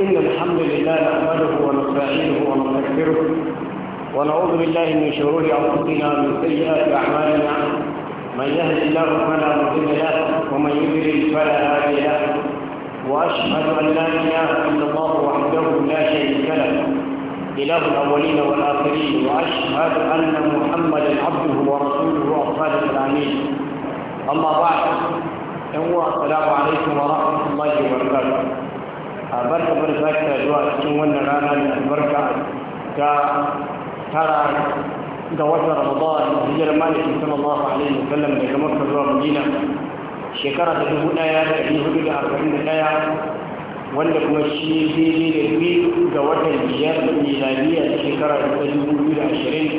إن الحمد لله نحمده ونستعينه ونستغفره ونعوذ بالله من شرور أنفسنا ومن سيئات أعمالنا من يهد الله فلا مضل له ومن يضلل فلا هادي له وأشهد أن لا إله إلا الله وحده لا شريك له إله الأولين والآخرين وأشهد أن محمدا عبده ورسوله وأصحابه الأمين أما بعد السلام عليكم ورحمة الله وبركاته a za bar sake zuwa cikin wannan rana da albarka ta tara ga watan ramadan hijar maliki sallallahu alaihi da daga makka zuwa madina shekara ta dubu daya da ɗari hudu da arba'in da ɗaya wanda kuma shi daidai da biyu ga watan biyar miladiya shekara ta dubu biyu da ashirin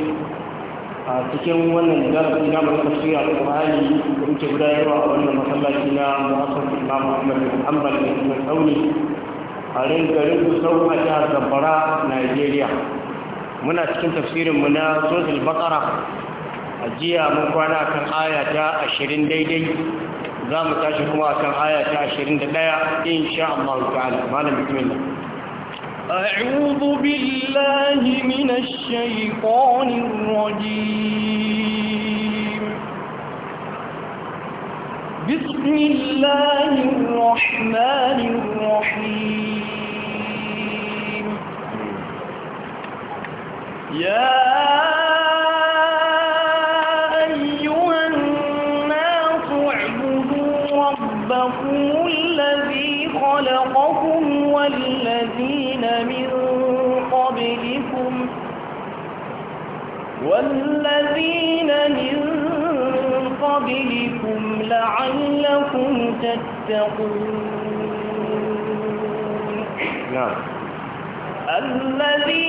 a cikin wannan darasi na mai tafsiri da qurani da muke gudanarwa a wannan masallaci na Mu'assasat Imam Ahmad bin Hanbal a rinka rinka sau a jihar zamfara nigeria muna cikin tafsirinmu na sosul bakara a jiya mun kwana kan aya ta ashirin daidai za mu tashi kuma kan aya ta ashirin da ɗaya insha Allah ta'ala malam bismillah أعوذ بالله من الشيطان الرجيم بسم الله الرحمن الرحيم يا أيها الناس اعبدوا ربكم الذي خلقكم والذين من قبلكم لعلكم تتقون نعم الذي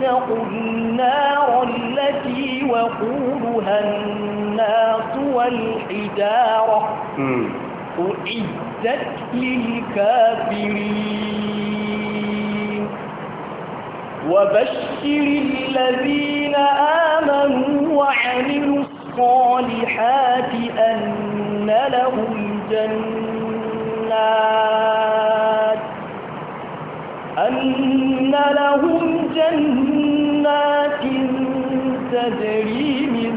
واتقوا النار التي وقودها الناس والحجارة أعدت للكافرين وبشر الذين آمنوا وعملوا الصالحات أن لهم جنات أن لهم جنات تجري من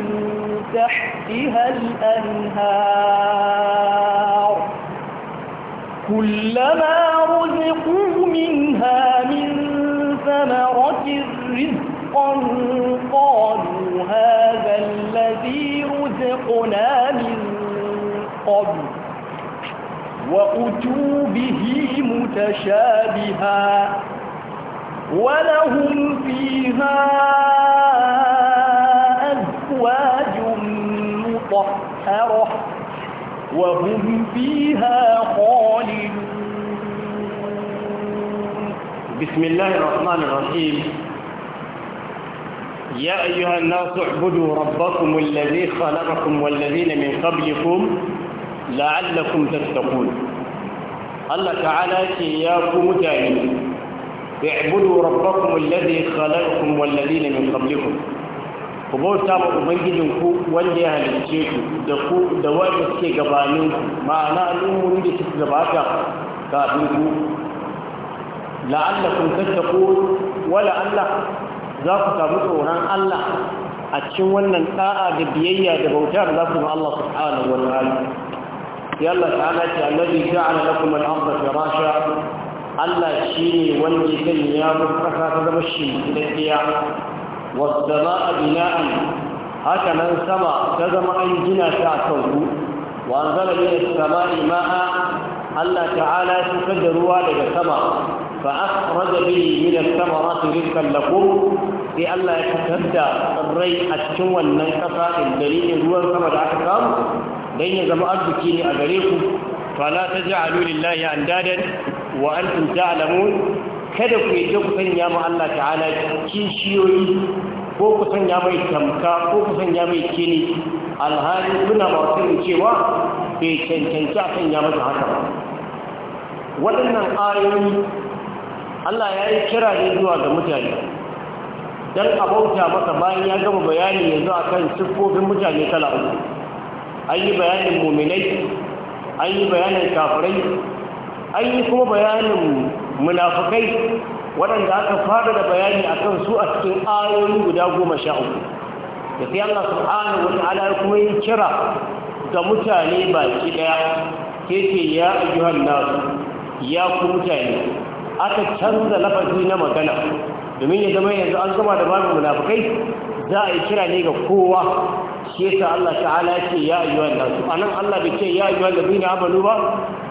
تحتها الأنهار كلما رزقوا منها من ثمرة رزقا قالوا هذا الذي رزقنا من قبل وأتوا به متشابها ولهم فيها أزواج مطهرة وهم فيها خالدون بسم الله الرحمن الرحيم يا أيها الناس اعبدوا ربكم الذي خلقكم والذين من قبلكم la'allakum tattaqun Allah ta'ala ce ya ku mutane i'budu rabbakum alladhi khalaqakum wal ladina min qablikum ku bauta ma ubangijin ku wanda ya halicce ku da ku da wanda suke gabanin ku ma'ana al'ummomi da suke gabata kafin ku la'allakum tattaqun wala Allah za ku samu tsoron Allah a cikin wannan ta'a da biyayya da bautar za ku ma Allah subhanahu wa ta'ala يلا تعالى الذي جعل لكم الارض فراشا الله شيني ولي كن يا مرتفع تمشي الى القيامه والسماء بناء هكا من سما كما ان جنا تاسو وانزل من السماء ماء الله تعالى تفجر ولد سما فاخرج به من الثمرات رزقا لكم في الله يتبدا الري اتشون من كفاء الدليل هو كما تعالى dan ya zama arziki ne a gare ku fala taj'alu lillahi andadan wa antum ta'lamun kada ku yi ku sanya mu Allah ta'ala kishiyoyi ko ku sanya mai tamka ko ku sanya mai kini alhali kuna ba ku cewa bai cancanci a sanya masa haka ba waɗannan ayoyi Allah ya yi kira ne zuwa ga mutane dan a bauta bayan ya gama bayani yanzu akan siffofin mutane kala uku an yi bayanin muminai an yi bayanin kafirai an yi kuma bayanin munafukai waɗanda aka fara da bayani akan su a cikin ayoyi guda goma sha uku da sai Allah subhanahu wa ta'ala kuma yi kira ga mutane baki ɗaya ke ya ayyuhan nasu ya ku mutane aka canza lafazi na magana domin ya zama yanzu an gama da babu munafukai za a yi kira ne ga kowa shi ta Allah ta'ala ce ya ayyuhan nasu anan Allah bai ce ya ayyuhal ladina abalu ba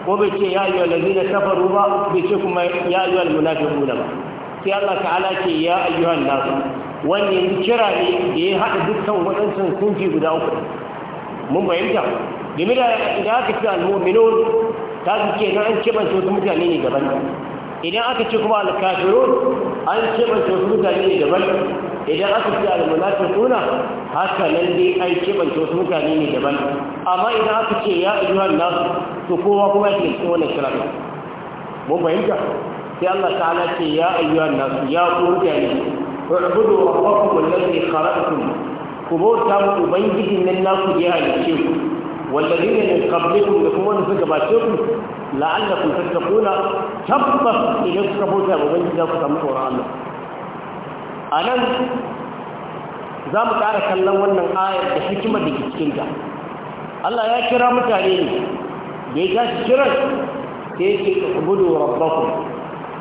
ko bai ce ya ayyuhal ladina safaru ba bai ce kuma ya ayyuhal munafiqun ba sai Allah ta'ala ce ya ayyuhan nasu Wani kira ne da ya haɗa dukkan sun sunfi guda uku mun fahimta game da idan aka ce al-mu'minun ta ce nan an ban wasu mutane ne daban idan aka ce kuma alkafirun an ce ban wasu mutane ne daban idan aka ce almunafiquna haka nan dai an ce ban wasu mutane ne daban amma idan aka ce ya ayyuhan nas to kowa kuma yake cikin wannan shirin mun fahimta sai Allah ta'ala ce ya ayyuhan nas ya ne. ku mutane ubudu rabbakum alladhi khalaqakum ku bauta mu ubangijin nan naku ya halice ku da kuma قبلكم لكم ونفق ku. la'allakum tattaquna tabbas idan kuka bauta ga ubangiji za ku samu tsoron Allah nan za mu ƙara kallon wannan ayar da hikimar da ke cikin ta Allah ya kira mutane ne da ya tashi kiran sai yake ubudu rabbakum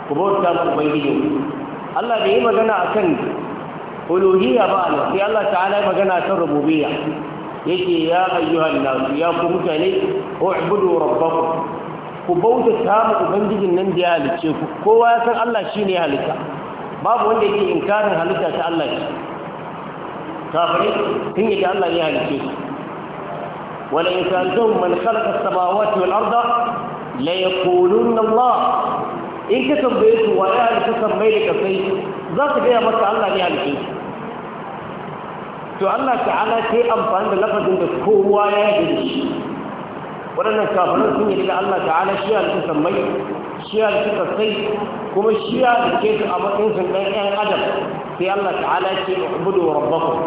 ku bauta ga ubangiji Allah bai yi magana a kan uluhiyya ba Allah sai Allah ta'ala ya magana a akan rububiyya yake ya ayyuhan nas ya ku mutane ubudu rabbakum ku bauta samu ubangijin nan da ya halice ku kowa ya san Allah shi ne halitta babu wanda yake inkarin halitta ta Allah shi kafare sun yi da Allah ya halice su wala in sa'altum man khalaqa as-samawati wal arda la yaqulunna Allah in ka tambaye su wa ya halitta sammai da kasai za ka gaya maka Allah ya halice to Allah ta'ala ta yi amfani da lafazin da kowa ya yi da shi waɗannan kafinan sun yi da Allah ta'ala shi halitta sammai shi halitta sassai kuma shi halitta su a matsayin sun ɗan ɗan adam sai Allah ta'ala ce ubudu rabbakum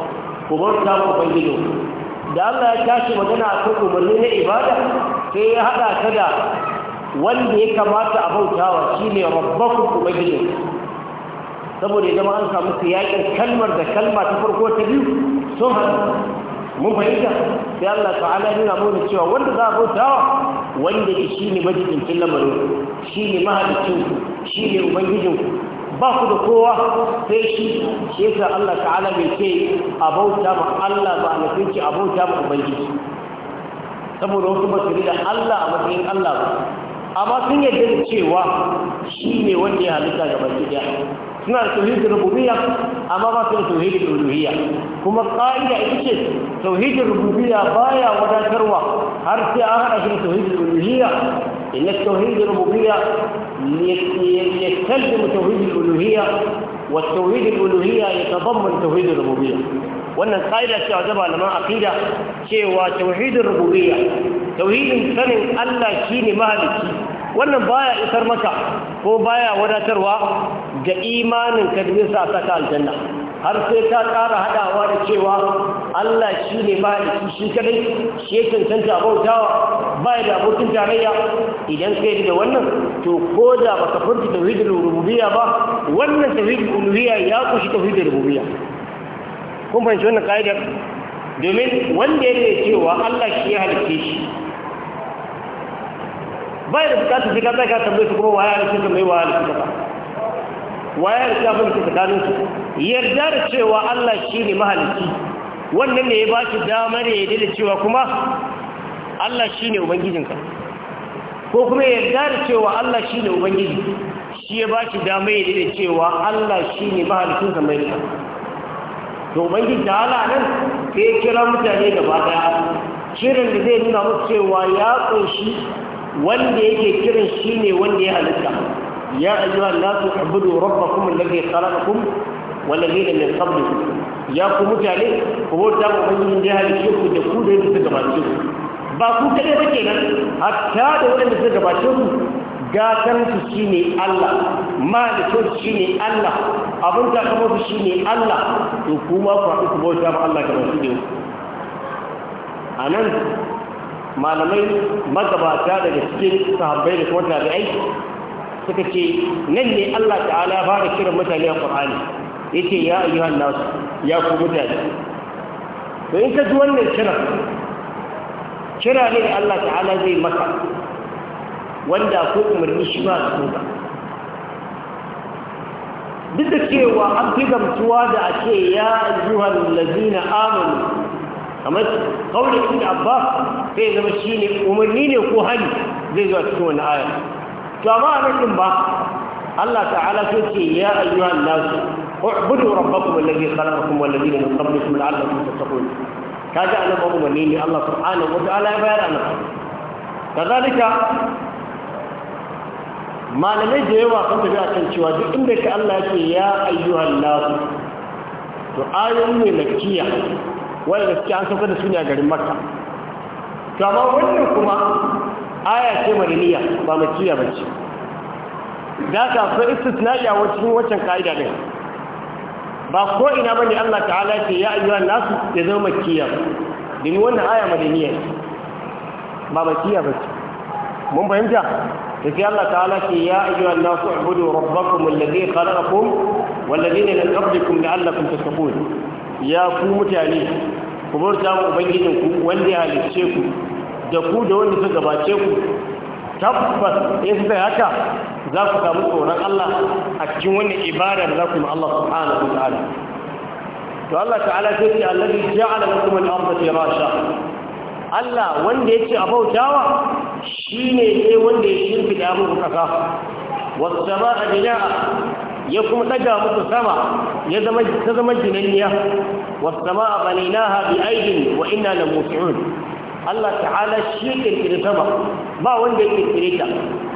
ku bauta mu ubangiji da Allah ya tashi magana a kan umarni na ibada sai ya haɗa ta da wanda ya kamata a bautawa shi ne shine rabbakum ubangiji saboda idan an samu su yaƙin kalmar da kalma ta farko ta biyu sun haɗu mun fahimta sai Allah ta'ala yana nuna cewa wanda za a bautawa wanda shi ne majibincin lamarin shi ne mahalicin shi ne ubangijin ba ku da kowa sai shi shi yasa Allah ta'ala bai ce a bauta ma Allah ba a nufin ce a bauta ma ubangiji saboda wasu ba su da Allah a matsayin Allah ba amma sun yarda da cewa shi ne wanda ya halitta ga baki daya suna da tauhidin rububiyya amma ba su da tauhidin uluhiyya kuma ka'ida ita ce tauhidin rububiyya baya wadatarwa har sai an shi da tauhidin uluhiyya إن التوحيد الربوبية يستلزم توحيد الألوهية والتوحيد الألوهية يتضمن توحيد الربوبية وأن القاعدة تعتبر ما عقيدة شيء توحيد الربوبية توحيد سن ألا ما مهلكي wannan baya isar maka ko baya wadatarwa ga imanin ka da sa saka aljanna har sai ta ƙara haɗawa da cewa Allah shi ne ba da shi kadai shi cancanta bautawa ba da abokin tarayya idan ka yi da wannan to ko da ba ka furta tauhidul rububiyya ba wannan tauhidul uluhiyya ya kushi tauhidul rububiyya kun fahimci wannan ka'idar domin wanda yake cewa Allah shi ya halicce shi bai da bukatar sai ka tsaya ka tambaye su kuma waya da suka mai waya da suka ba waya da suka abin da tsakanin su yarda da cewa Allah shi ne mahalicci wannan ne ya ba shi damar ya yi da cewa kuma Allah shi ne ubangijinka ko kuma yarda da cewa Allah shi ne ubangiji shi ya ba shi damar ya yi da cewa Allah shi ne mahalicin kamar mai to ubangiji da ala nan sai ya kira mutane gaba daya shirin da zai nuna musu cewa ya ƙunshi wanda yake kiran shi ne wanda ya halitta ya ayyuha nasu ubudu rabbakum alladhi khalaqakum walladhina min qablikum ya ku mutane ku bauta ga ubangijin da ya halice ku da ku da yadda suka gabace ku ba ku kaɗai ba kenan hatta da waɗanda suka gabace ku gatansu shi shine Allah malikinsu shi shine Allah abun abin takamarsu shi shine Allah to kuma ku haɗu ku bauta ba Allah kamar su ne a malamai magabata daga cikin sahabbai da kuma tabi'ai suka ce nan ne Allah ta'ala ya fara kiran mutane a Qur'ani yace ya ayyuhan nas ya ku mutane to in ka ji wannan kira kira ne da Allah ta'ala zai maka wanda ko umarni shi ba su ba duk da cewa an fi gamsuwa da ake ya ayyuhan lazina amanu kamar kaulin ibn abbas sai zama shine umarni ne ko hali zai zo a cikin wannan aya to amma a nan ba Allah ta'ala sai ce ya ayyuha an-nas ubudu rabbakum ayyuhan nasu اعبدوا min qablikum la'allakum tattaqun من قبلكم babu manni ne Allah subhanahu wa ta'ala ya bayar غير kadalika malamai da yawa sun كنت a kan cewa duk inda ka Allah yake ya ayyuha an nas to ayoyin ne lakiya wanda suke an sauka da su ne a garin makka to wannan kuma aya ce mariniya ba makiya ba ce da ka akwai istisna'i a wacin waccan ka'ida ɗin ba ko ina ba ne allah ta'ala ce ya ayyuan nasu ya zama makiya domin wannan aya madaniya ba makiya ba ce mun fahimta da sai allah ta'ala ce ya ayyuan nasu abudu rabbakum alladhi khalaqakum da Allah qablikum ta tattaqun ya ku mutane ku bauta mu ubangijinku wanda ya halicce ku da ku da wanda suka gabace ku tabbas in sai haka za ku samu tsoron Allah a cikin wannan ibada da za ku yi Allah subhanahu wa ta'ala to Allah ta'ala sai ce allazi ja'ala lakum al-ardha firasha Allah wanda ya ce a bautawa shine ne wanda ya shimfida muku kasa was samaa bina'a ya kuma daga muku sama ya zama ta zama jinanniya والسماء بنيناها بأيد وإنا لموسعون Allah ta'ala shi kirkire ta ba ba wanda ya kirkire ta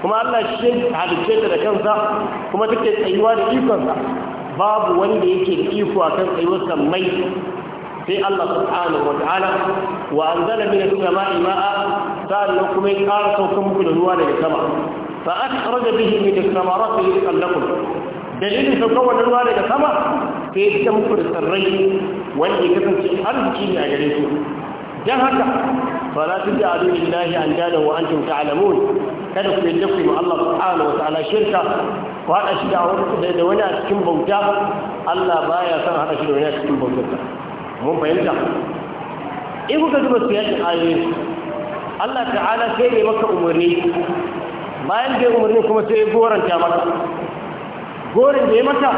kuma Allah shi halicce ta da kansa kuma take tsayuwa da ikonsa babu wanda yake da iko akan tsayuwar mai sai Allah subhanahu wa ta'ala wa anzala min as-sama'i ma'a sa'an kuma ya ƙara saukan muku da ruwa daga sama fa akhraja bihi min as-samarati lakum dalilin saukar wannan ruwa daga sama sai ya fita muku da tsarrai wanda ya kasance Har arziki ne a gare su don haka fara su da adu lillahi an jada wa an tun ta'alamun kada ku yadda ku Allah subhanahu wa ta'ala shirka ku haɗa shi da wani wani a cikin bauta Allah baya son haɗa shi da wani a cikin bautarsa mun fahimta in kuka zuba su yadda ayoyi Allah ta'ala sai ne maka umarni bayan da umarni kuma sai goranta maka gorin da ya mata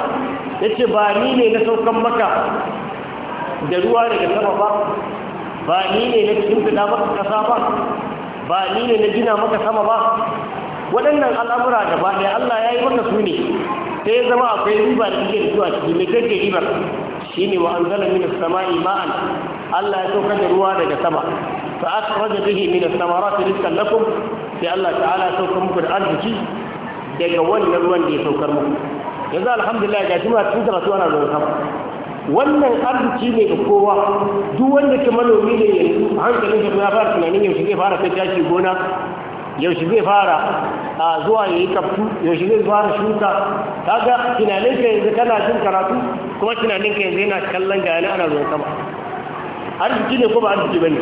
ya ce ba ni ne na saukan maka da ruwa daga sama ba ba ni ne na shimfiɗa maka kasa ba ba ni ne na gina maka sama ba waɗannan al'amura da ba ne Allah ya yi maka su ne sai ya zama akwai riba da take zuwa cikin mai kake ribar shi ne wa an zala sama'i ma'an Allah ya saukar da ruwa daga sama fa akhraja bihi min as-samarati rizqan lakum sai Allah ta'ala saukar muku da arziki daga wannan ruwan da ya saukar muku yanzu alhamdulillah ga jima cikin karatu ana zuwa sama wannan arziki ne ga kowa duk wanda ke manomi ne yanzu hankalin shi ya fara tunanin yaushe zai fara kai tashi gona yaushe zai fara a zuwa yayi kaftu yaushe zai fara shuka kaga tunanin ka yanzu kana jin karatu kuma tunanin ka yanzu yana kallon ga yana ana zuwa sama arziki ne ko ba arziki bane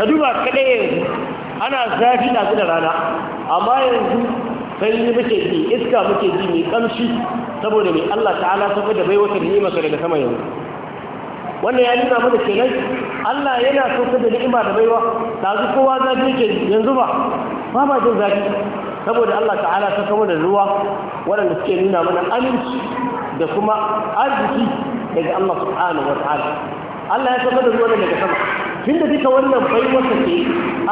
ka duba kadai yanzu ana zafi da rana amma yanzu sanyi muke ji iska muke ji mai kamshi saboda mai Allah ta'ala ta saboda bai wata ni'imarsa daga sama yau wannan ya nuna mana kenan Allah yana so da ni'ima da baiwa yanzu kowa zafi ke yanzu ba ba ba jin zafi saboda Allah ta'ala ta kama da ruwa waɗanda suke nuna mana aminci da kuma arziki daga Allah subhanahu wa ta'ala Allah ya kama da ruwa daga sama tun da duka wannan bai wasa ce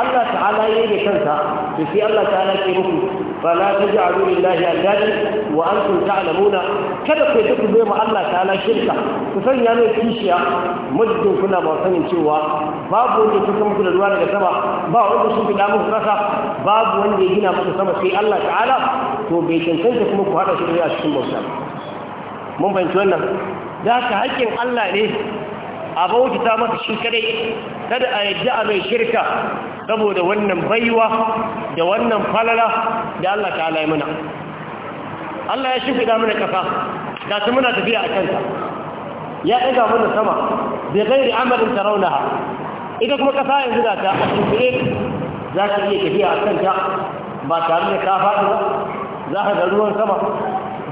Allah ta'ala ya yi kansa da sai Allah ta'ala ke muku fala ta ji abu lillahi aljaji wa an sun kada ku yi ku ma Allah ta'ala shirka ku sanya mai kishiya muddin kuna ba sanin cewa babu wanda ya muku da ruwa daga sama ba wanda sun fi damu rasa babu wanda ya gina muku sama sai Allah ta'ala to bai cancanta kuma ku haɗa shi da a cikin bauta mun fahimci wannan da haka haƙƙin Allah ne a bautata masa shi kadai kada a yadda a mai shirka saboda wannan baiwa da wannan falala da Allah ta halaye muna. Allah ya shimfiɗa mana ƙasa da su muna tafiya a kanta ya ɗaga mana sama bai gairi amalin taraunaha ita kuma ƙasa yanzu da ta a shimfiɗe za ka iya tafiya a kanta ba tare da ka faɗi ba za ka ga ruwan sama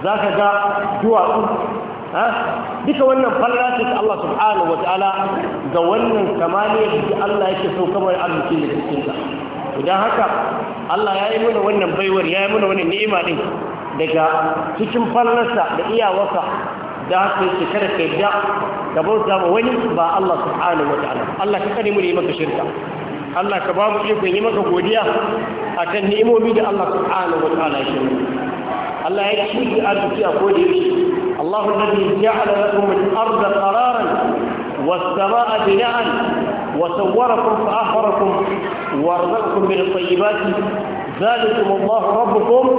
za ka ga duwatsu ha duka wannan falla ce ta Allah subhanahu wa ta'ala ga wannan kamaniyar da Allah yake so kamar arzikin da cikin idan haka Allah ya yi mana wannan baiwar ya yi mana wani ni'ima din daga cikin fallarsa da iyawarsa da haka yake kada ka yadda ka bauta ma wani ba Allah subhanahu wa ta'ala Allah ka kare mu da yi maka shirka Allah ka ba mu ikon yi maka godiya a kan ni'imomi da Allah subhanahu wa ta'ala ya shirka. Allah ya ci arziki a kodayaushe الله الذي جعل لكم الأرض قرارا والسماء بناء وصوركم فآخركم وارزقكم من الطيبات ذلكم الله ربكم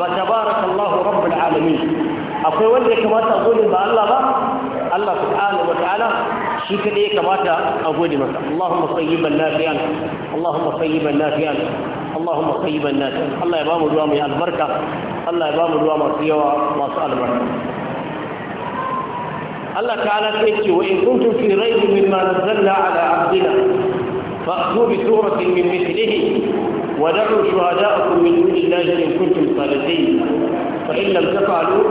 فتبارك الله رب العالمين أقول لك ما تقول إن الله الله سبحانه وتعالى شيك لي كما تقول لك اللهم صيبا نافيا اللهم صيبا نافيا اللهم صيبا نافيا الله يبامو دوامي البركة الله يبامو دوامي سيوا ما سأل البركة الله تعالى تأتي وإن كنتم في ريب مما نزلنا على عبدنا فأخذوا بسورة من مثله ودعوا شهداءكم من دون الله إن كنتم صادقين فإن لم تفعلوا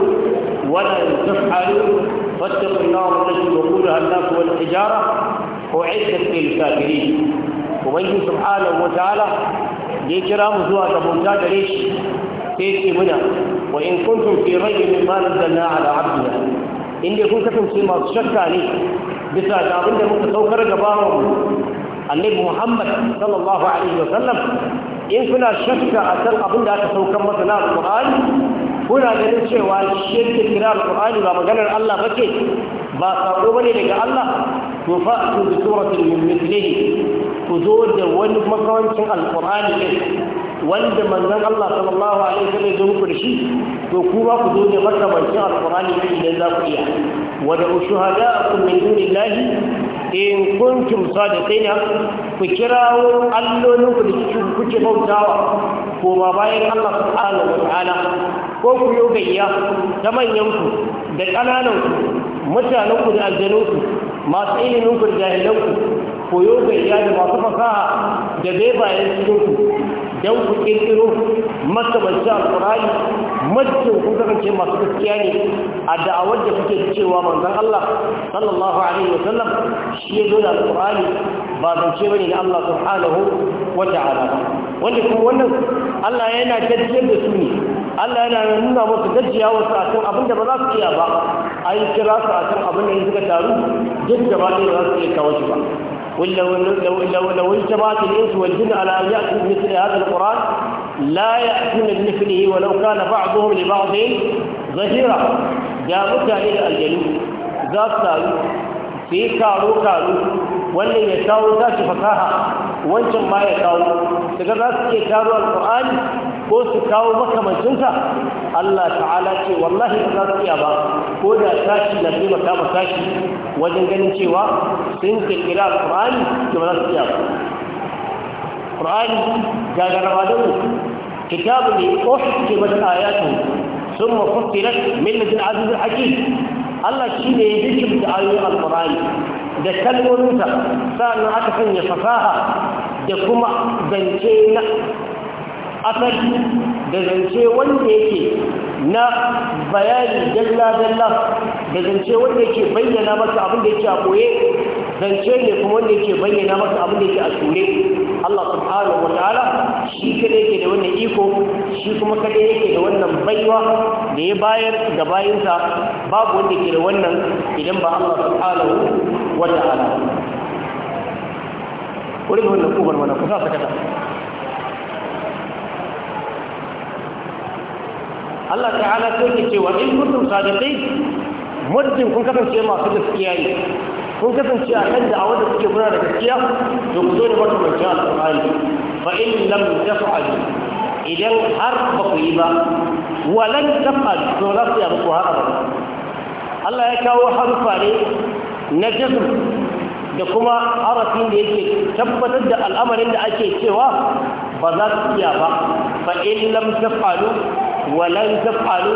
ولا تفعلوا فاتقوا النار التي يقولها الناس والحجارة أعدت للكافرين ومن سبحانه وتعالى يكرام زوا تبوتا ليش تيجي منا وإن كنتم في ريب مما نزلنا على عبدنا inda kun kasance masu shakka ne bisa ga abin da muka saukar gaba wa annabi Muhammad sallallahu alaihi wasallam in kuna shakka akan abin da aka saukar masa na Al-Qur'ani kuna ganin cewa shi kira Al-Qur'ani ba maganar Allah bace ba sako bane daga Allah to fa tu bi suratin min mithlihi ku zo da wani makamancin Al-Qur'ani ne wanda manzan Allah sallallahu alaihi wasallam ya zo muku da shi to ku ba ku zo da makamancin alqur'ani ne idan za ku iya wa da shuhada'akum min dunillahi in kuntum sadiqina ku kirawo allolin ku da bautawa ko ba bayan Allah subhanahu wa ta'ala ko ku yi gayya ta manyan ku da ƙananan ku mutanen ku da aljanu ku masu ilimin ku da jahilan ku koyo gayya da masu fasaha da bebayen cikin ku don ku ƙirƙiro makamancin alƙur'ani majin kun ce masu gaskiya ne a da'awar da kuke cewa manzon Allah sallallahu alaihi wa sallam shi ya zo da alƙur'ani ba zance bane na Allah subhanahu wa ta'ala wanda kuma wannan Allah yana gajiyar da su ne Allah yana nuna musu gajiya wasu a kan abin da ba za su iya ba A an kira su a kan abin da suka taru duk da ba za su iya kawo shi ba لو لو لو لو اجتمعت الانس والجن على ان ياتوا بمثل هذا القران لا ياتون بمثله ولو كان بعضهم لبعض ظهيرا يا متى الى الجنوب ذات في كارو كارو wannan ya kawo tashi fasaha wancan ma ya kawo daga za su iya kawo alƙur'ani ko su kawo makamancinsa Allah ta'ala ce wallahi ba za su iya ba ko da tashi na taimaka ma tashi wajen ganin cewa sun kirkira alƙur'ani to ba za su iya ba ƙur'ani gagaraba da mu kitabu ne uhkimat ayatu thumma fussilat min azizul hakim Allah ne ya hikimta ayoyin alƙur'ani da kalmominsa sa'annan aka sanya fasaha da kuma zance na asali da zance wanda yake na bayani dalla-dalla da zance wanda yake bayyana masa abin da yake a koye zance ne kuma wanda yake bayyana masa abin da yake a ture Allah subhanahu wa ta'ala shi kada yake da wannan iko shi kuma kada yake da wannan baiwa da ya bayar da bayinsa babu wanda ke da wannan idan ba Allah subhanahu وتعالى ولم يكن كفرا ولا كفرا كذا الله تعالى كل شيء وإن كنتم صادقين مدن كن كفن شيء الله كفن شيء أي كن كفن شيء أحد أود أن تكون هذا الشيء يقصون مدن من جال القرآن فإن لم تفعل إلى الحرب قريبا ولن تفعل تنصي أبقها أبدا الله يكاو حرفا na jism da kuma arafin da yake tabbatar da al'amarin da ake cewa ba za su iya ba fa in lam tafalu wa lan tafalu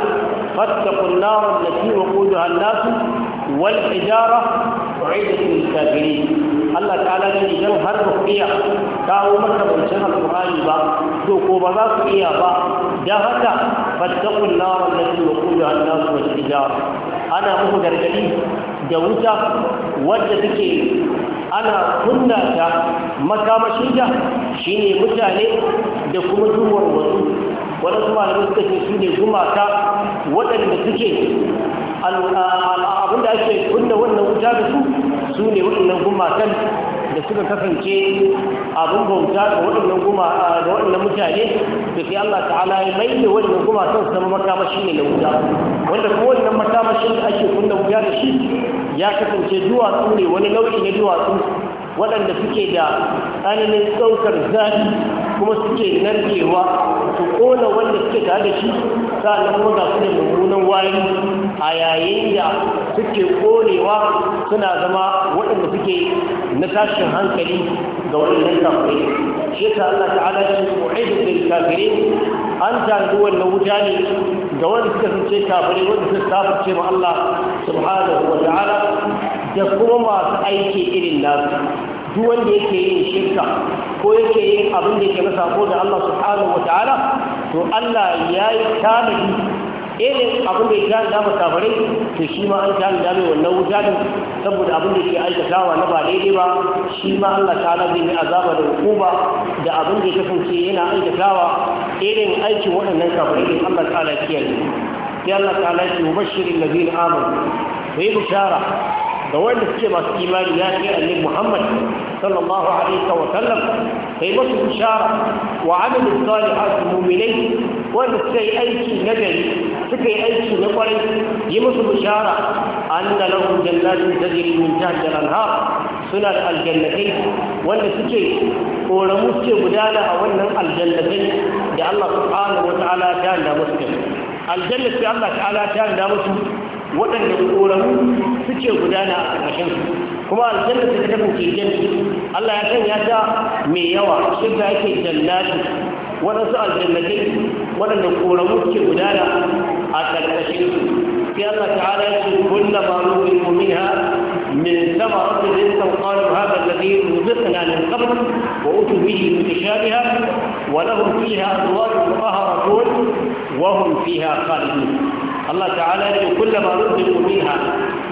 fattaqun nar allati waquduha an-nas wal ijara u'idat lil kafirin Allah ta'ala ne idan har ba ku iya kawo makabancin alqur'ani ba to ko ba za su iya ba dan haka fattaqun nar allati waquduha an-nas wal ijara ana muku gargadi da wuta wadda take ana kunna ta makamashin ta shine mutane da kuma duwar wasu kuma da suka ce su ne gumata waɗanda suke abinda ake kunna wannan wuta da su su ne waɗannan gumatan da suka kasance abin bauta da waɗannan guma da waɗannan mutane da sai Allah ta'ala ya mai da waɗannan guma su zama makamashi ne na wuta wanda kuma wannan makamashin da ake kunna wuta da shi ya kasance duwatsu ne wani nau'i na duwatsu waɗanda suke da tsananin ɗaukar zafi kuma suke narkewa su ƙona wanda suke tare da shi sa'annan kuma ga su da mummunan wari a yayin da suke ƙonewa suna zama waɗanda suke na tashin hankali ga wannan kafirai shi ta Allah ta'ala shi mu'idu lil kafirin an tanzu wannan wuta ne ga wanda suka sace kafirai wanda suka kafirce ma Allah subhanahu wa ta'ala da kuma masu aiki irin nasu duk wanda yake yin shirka ko yake yin abinda da yake na sako da Allah subhanahu wa ta'ala to Allah ya yi tanadi irin abin da ya jari da ba to shi ma an jari da wannan wuta ne saboda abin da ke aikatawa na ba daidai ba shi ma Allah ta ne a azaba da hukuma da abin da ya kasance yana aikatawa irin aikin waɗannan kafarai din Allah ta ala ne sai Allah ta ala ya ce mubashirin ladina amanu bai bishara ga wanda suke masu imani ya ce annabi Muhammad sallallahu alaihi wa sallam sai musu bishara wa amalu salihat mu'minai wanda suka yi aiki na gari suka yi aiki na kwarai yi musu bishara anna lahum jannatin tajri min tahtiha al-anhar suna da aljannatai wanda suke koramu suke gudana a wannan aljannatai da Allah subhanahu wa ta'ala ta da musu aljannatai Allah ta'ala ta da musu waɗanda ƙoramu suke gudana a ƙarƙashin su kuma aljanna ta kasance janti Allah ya sanya ta mai yawa shi da yake jannati waɗansu aljannatai waɗanda ƙoramu suke gudana a ƙarƙashin su sai Allah ta'ala ya ce kunna ma nuqim minha min thamarati rizqan qalu hadha alladhi ruzqna min qabl wa utu bihi mutashabiha wa lahum fiha azwajun mutahharatun wa hum fiha khalidun Allah ta'ala ya ce kullama rudu minha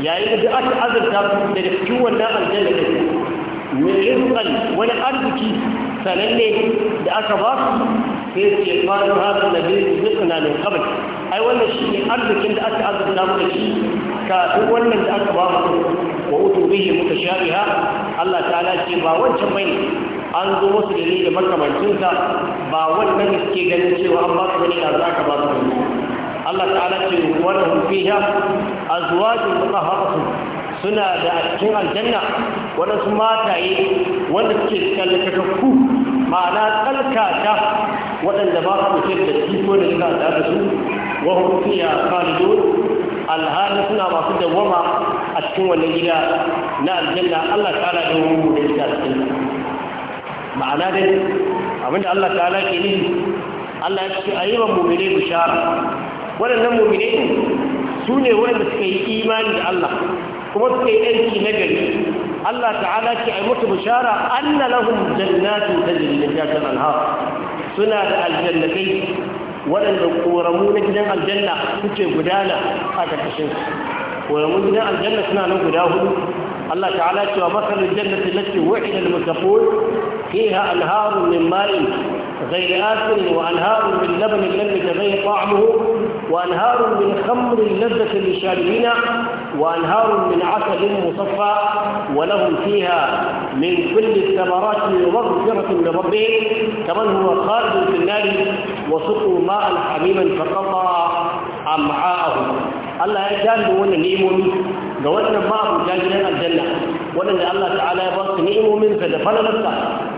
yayin da aka azurta su daga cikin wannan aljanna din min rizqan wani arziki sananne da aka ba su sai su ce qalu hadha alladhi rizqna min qabl ai wannan shi ne arzikin da aka azurta mu da shi kafin wannan da aka ba mu wa utu bihi mutashabiha Allah ta'ala ce ba wancan bane an zo wasu da ne da makamancinsa ba wannan da suke ganin cewa an ba su wani da aka ba su Allah ta'ala ce wanda fiha azwajun mutahharatu suna da cikin aljanna waɗansu mataye wanda suke ku. ma'ana tsalkata waɗanda ba su fitar da jiko da suna da da su wahun fiya kalido alhali suna masu dawama a cikin wannan gida na aljanna Allah ta'ala da wani mu da ita cikin ma'ana dai abinda Allah ta'ala ke ni Allah ya ce ayyuban mu'mine bishara waɗannan mummine su ne waɗanda suka yi imani da Allah kuma suka yi aiki na gari Allah ta'ala ke ai mutu bishara anna lahum jannatin tajri min tahtiha al-anhar suna da aljannatai waɗanda koramu na gidan aljanna suke gudana a ƙarƙashin su koramu gidan aljanna suna nan guda hudu Allah ta'ala cewa masalin jannati lati wa'ida al-muttaqun fiha anharun min ma'in غير asin وأنهار من لبن لم يتغير طعمه وأنهار من خمر لذة للشاربين وأنهار من عسل مصفى ولهم فيها من كل الثمرات مغفرة من كمن هو خالد في النار وسقوا ماء حميما فقطع أمعاءهم الله يجعل لنا نعمه لو أن ما أبو جاهل الجنة waɗanda Allah ta'ala ya ba su ni'imominsa da falalarsa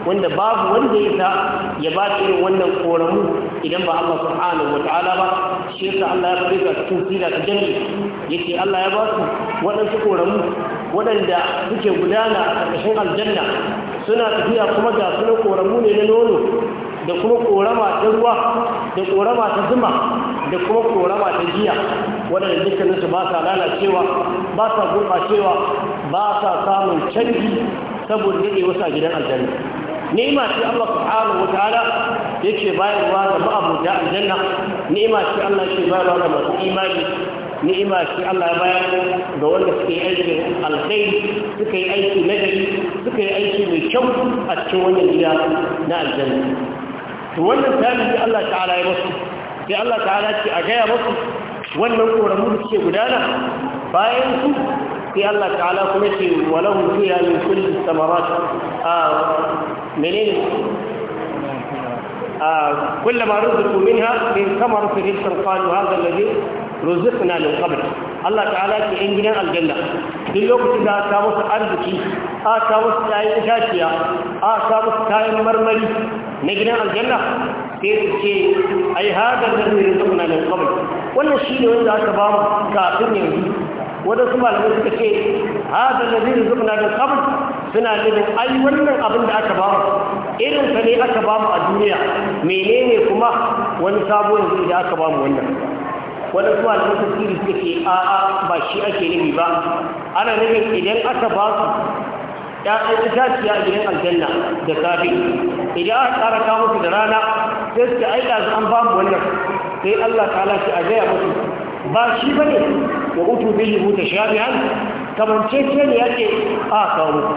wanda babu wanda ya sa ya ba irin wannan koramu idan ba Allah subhanahu wa ta'ala ba shi yasa Allah ya fara ka cikin sira ta jami'i yace Allah ya ba su waɗansu koramu waɗanda suke gudana a ƙarƙashin aljanna suna tafiya kuma ga sunan koramu ne na nono da kuma korama ta ruwa da korama ta zuma da kuma korama ta giya waɗanda su ba sa lalacewa ba sa gurɓacewa ba sa samun canji saboda daɗe wasu a gidan aljanna ni'ima ce Allah subhanahu wa ta'ala yake bayarwa ga ma'abuta aljanna ni'ima ce Allah yake bayarwa ga masu imani ni'ima ce Allah ya bayar ga wanda suka yi aikin alkhairi suka yi aiki nagari suka yi aiki mai kyau a cikin wannan gida na aljanna to wannan tarihi Allah ta'ala ya masu sai Allah ta'ala ce a gaya masu wannan koramu da suke gudana bayan su sai Allah ta'ala kuma ce walahu fiya min kulli samarat a menene a kullama rizqu minha min samaratin rizqan qalu hadha alladhi na min qabl Allah ta'ala ce in gidan aljanna duk lokacin da ta musu arziki ta musu kayan itaciya ta musu kayan marmari na gidan aljanna sai su ce ai haka da zai rinka suna da kawai wannan shi ne wanda aka ba mu kafin yanzu su malamu suka ce haka da zai rinka suna da kawai suna nufin ai wannan abin da aka ba mu irin sa ne aka ba mu a duniya menene kuma wani sabo yanzu da aka ba mu wannan wadansu su tafsiri suka ce a'a ba shi ake nemi ba ana nemi idan aka ba su ‘ya'yan itaciya a gidan aljanna da safe idan aka ƙara kawo su da rana sai suka aika su an bamu wannan sai Allah ta'ala shi a gaya musu ba shi ba ne wa utu bihi muta shabihan kamancece ne yake a kawo musu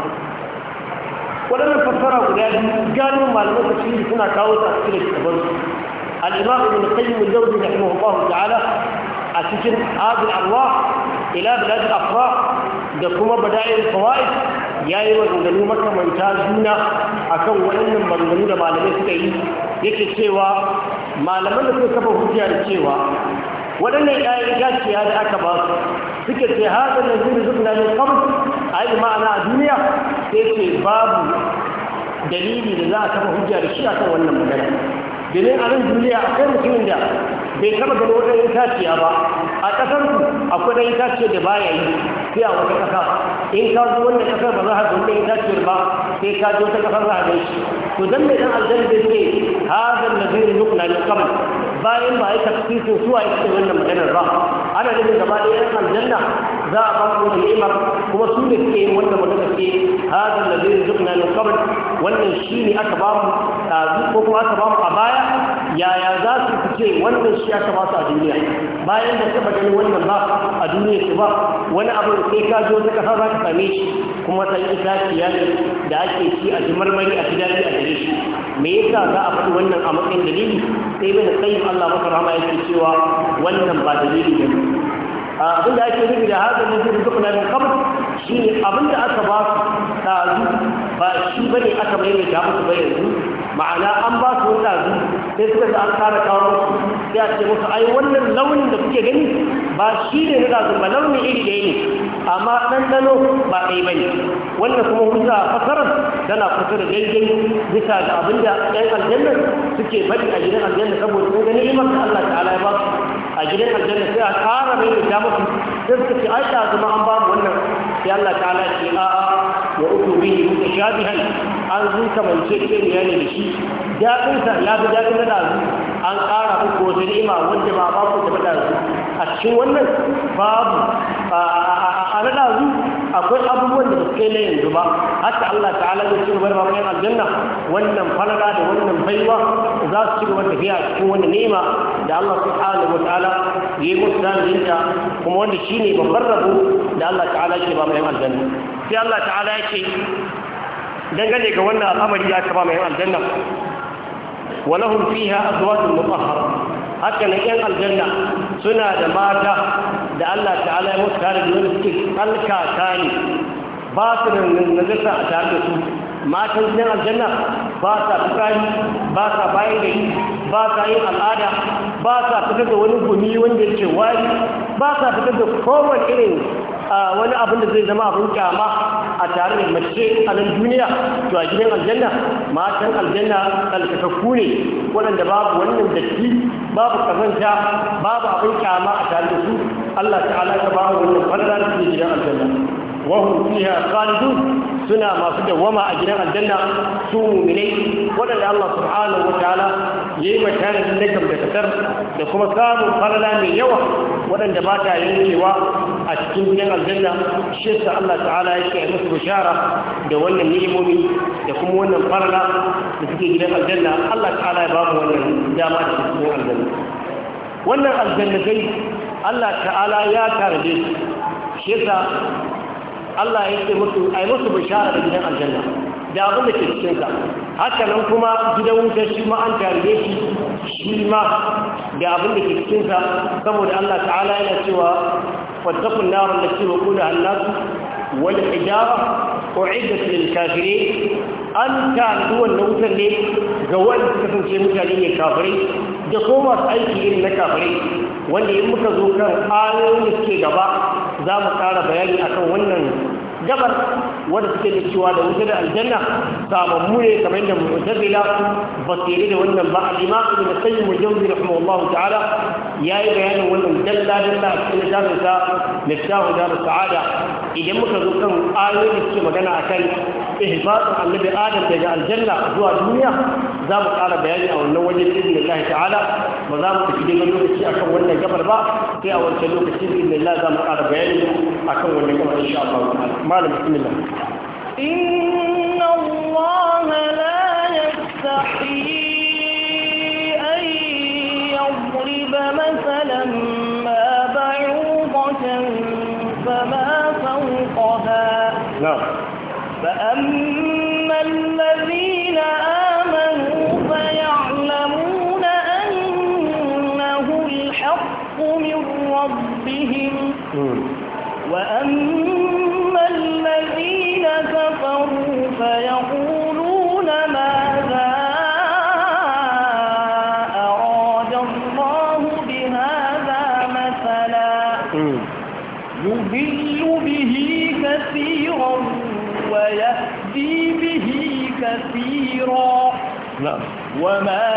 waɗannan fassara guda biyu gano malaman tafsiri suna kawo su a cikin littafansu al-imam ibn qayyim al-jawzi rahimahullahu ta'ala a cikin abul arwah ila bilad al-afraq da kuma bada'in fawaid ya yi maganganu makamanta juna akan waɗannan maganganu da malamai suka yi yake cewa malaman da suka kafa hujjar cewa waɗannan ƴaƴan gaciya da aka ba su suke ce haka da zuri zubna ne kamar a yi ma'ana a duniya sai ce babu dalili da za a kafa hujjar da shi akan wannan magana domin a nan duniya akwai mutumin da bai taba gano wata itaciya ba a ƙasar akwai ɗan itaciya da baya yi sai a wata ƙasa in ka zo wannan ƙasar ba za ka ga wannan itaciyar ba sai ka je wata ƙasar za ka gan shi to dan mai dan aljanna zai ce hazan nazirin nukna min qabl bayan ba a yi tafsirin suwa yi cikin wannan maganar ba ana nufin gaba ɗaya yan aljanna za a ba su ni'ima kuma su ne suke yin wannan magana ce hada zai rizqna min qabl wannan ne aka ba mu ko kuma aka ba mu a baya yaya za su fice wannan shi ya su a duniya bayan da taba gani wannan ba a duniya su ba wani abu sai ka zo ta kasa za ka same shi kuma ta yi itaciya ne da ake ci a jimar mai a ji daɗi a gare shi me yasa za a faɗi wannan a matsayin dalili sai bai da tsayin Allah maka rama ce cewa wannan ba dalili ne abinda ake nufi da haka ne zai zuwa min kabr shi ne abinda aka ba su tazu ba shi bane aka maimaita musu su yanzu ma'ana an ba su wani tazu sai suka sa an kara kawo musu sai a ce musu ai wannan launin da kuke gani ba shi ne na zazu ba launin iri da ne amma ɗanɗano ba ɗaya ba ne wannan kuma hujja fasarar tana kusa da daidai bisa ga abinda da ɗan aljanna suke faɗi a gidan aljanna saboda sun gani imar da Allah ta'ala ya ba a gidan aljanna sai a kara mai da musu sai suka ce ai da zama an ba mu wannan sai Allah ala ce a'a wa uku bihi mutashabihan an zu kamar ce ne yana da shi dadin sa ya fi dadin da zu an ƙara ko wata ima wanda ba ba ku da zu a cikin wannan babu a na zu akwai abubuwan da kai na yanzu ba haka Allah ta'ala zai cigaba da bayan aljanna wannan falala da wannan baiwa za su cigaba da tafiya cikin wani ni'ima da Allah subhanahu wa ta'ala ya yi musu dalilin kuma wanda shine babban rabo da Allah ta'ala ke ba bayan aljanna sai Allah ta'ala ya ce dangane ga wannan al'amari ya ka ba 'yan aljanna ولهم فيها أزواج مطهرة haka na yan aljanna suna da mata da Allah ta'ala ya mutu tare da wani suke tsalkaka ne ba su da nazarta a tare da su matan yan aljanna ba sa fitsari ba sa bayan gari ba sa yin al'ada ba sa fitar da wani gumi wanda ke wari ba sa fitar da kowane irin wani abin da zai zama abin kyama a tare da mace a nan duniya to a gidan aljanna matan aljanna alkakakku ne waɗanda babu wannan datti babu kazanta babu abin kyama a tare da su Allah ta'ala ta ba wannan fadda da ke gidan aljanna wahun fiha khalidun suna masu dawama a gidan aljanna su mu'minai waɗanda Allah subhanahu wataala yayi matarin da kan da kasar da kuma samun farara mai yawa waɗanda ba ta yankewa a cikin gidan aljanna shi yasa Allah ta'ala yake yi musu bishara da wannan ni'imomi da kuma wannan farla da suke gidan aljanna Allah ta'ala ya ba mu wannan dama da cikin aljanna wannan aljanna dai Allah ta'ala ya tarbe su shi yasa Allah yake musu ai musu bishara da gidan aljanna da abin da ke cikin sa haka nan kuma gidan wutar shi ma an tarihe shi shi ma da abin da ke cikinsa saboda Allah ta'ala yana cewa fattakun narin da ke wakuna Allah wani hijara ko iddat lil kafire an tarihi wannan wutar ne ga wanda suka kasance mutane ne kafire da ko aiki irin na kafire wanda in muka zo kan ayoyin da suke gaba za mu kara bayani akan wannan gabar wanda suke da cewa da wuta da aljanna sabammu ne kamar yadda mu'tazila ba su yarda da wannan ba al-imam ibn qayyim al-jawzi rahimahullah ta'ala yayi bayanin wannan dalla dalla a cikin littafin sa littafin darus sa'ada idan muka zo kan ayoyi da suke magana akan ihbatun annabi adam daga aljanna zuwa duniya za mu ƙara bayani a wannan wajen izinin Allah ta'ala ba za mu tafi daga lokaci akan wannan gabar ba sai a wancan lokacin izinin Allah za mu ƙara bayani akan wannan gabar insha Allah ta'ala مالا بسم الله إن الله لا يستحي أن يضرب مثلا ما بعوضة فما فوقها نعم فأما الذين آمنوا فيعلمون أنه الحق من ربهم وأما نعم وما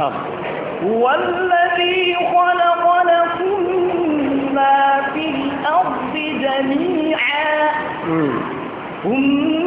النار هو الذي خلق لكم ما في الأرض جميعا ثم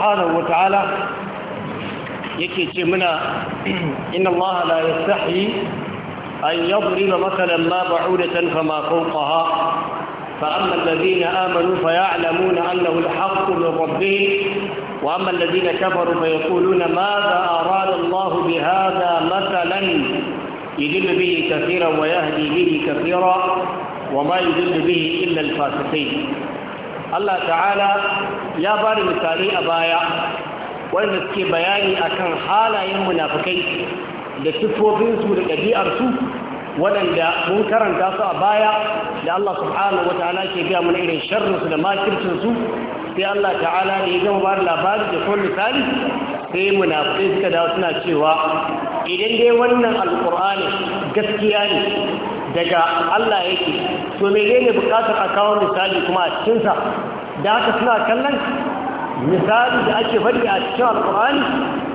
سبحانه وتعالى يكي تمنى إن الله لا يستحي أن يضرب مثلا ما بعودة فما فوقها فأما الذين آمنوا فيعلمون أنه الحق من ربهم وأما الذين كفروا فيقولون ماذا أراد الله بهذا مثلا يدل به كثيرا ويهدي به كثيرا وما يدل به إلا الفاسقين الله تعالى ya ba da misalai a baya wanda suke bayani akan halayen munafukai da siffofinsu da ɗabi'arsu waɗanda mun karanta su a baya da Allah subhanahu wa ta'ala ke biya mana irin sharrinsu da makircinsu sai Allah ta'ala da ya gama ba da labari da kuma misali sai munafukai suka dawo suna cewa idan dai wannan alƙur'ani gaskiya ne daga Allah yake to menene bukatar a kawo misali kuma a cikinsa da aka suna kallon misali da ake bari a cikin alkur'ani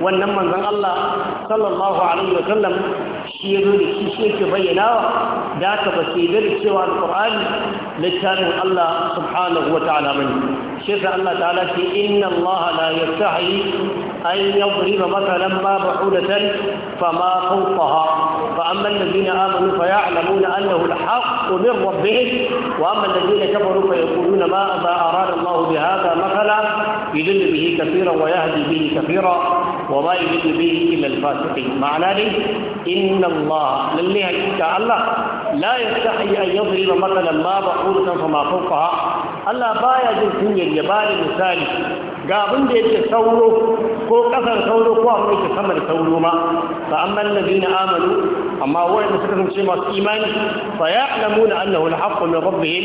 wannan manzon Allah sallallahu alaihi wa sallam shi ya zo da shi shi yake bayyanawa da haka ba sai da cewa alkur'ani littafin Allah subhanahu wa ta'ala bane شيخ الله تعالى إن الله لا يستحي أن يضرب مثلا ما بحولة فما فوقها فأما الذين آمنوا فيعلمون أنه الحق من ربهم وأما الذين كفروا فيقولون ما أراد الله بهذا مثلا يذل به كثيرا ويهدي به كثيرا وما يذل به إلا الفاسقين معنى ذلك إن الله للي الله لا يستحي أن يضرب مثلا ما بحولة فما فوقها Allah baya jin kunyar ya bada misali ga abin da yake sauro ko kasar sauro ko abin da yake sama da sauro ma fa amma allazina amanu amma wanda suka kasance masu imani fa ya'lamuna annahu al-haqqu min rabbihim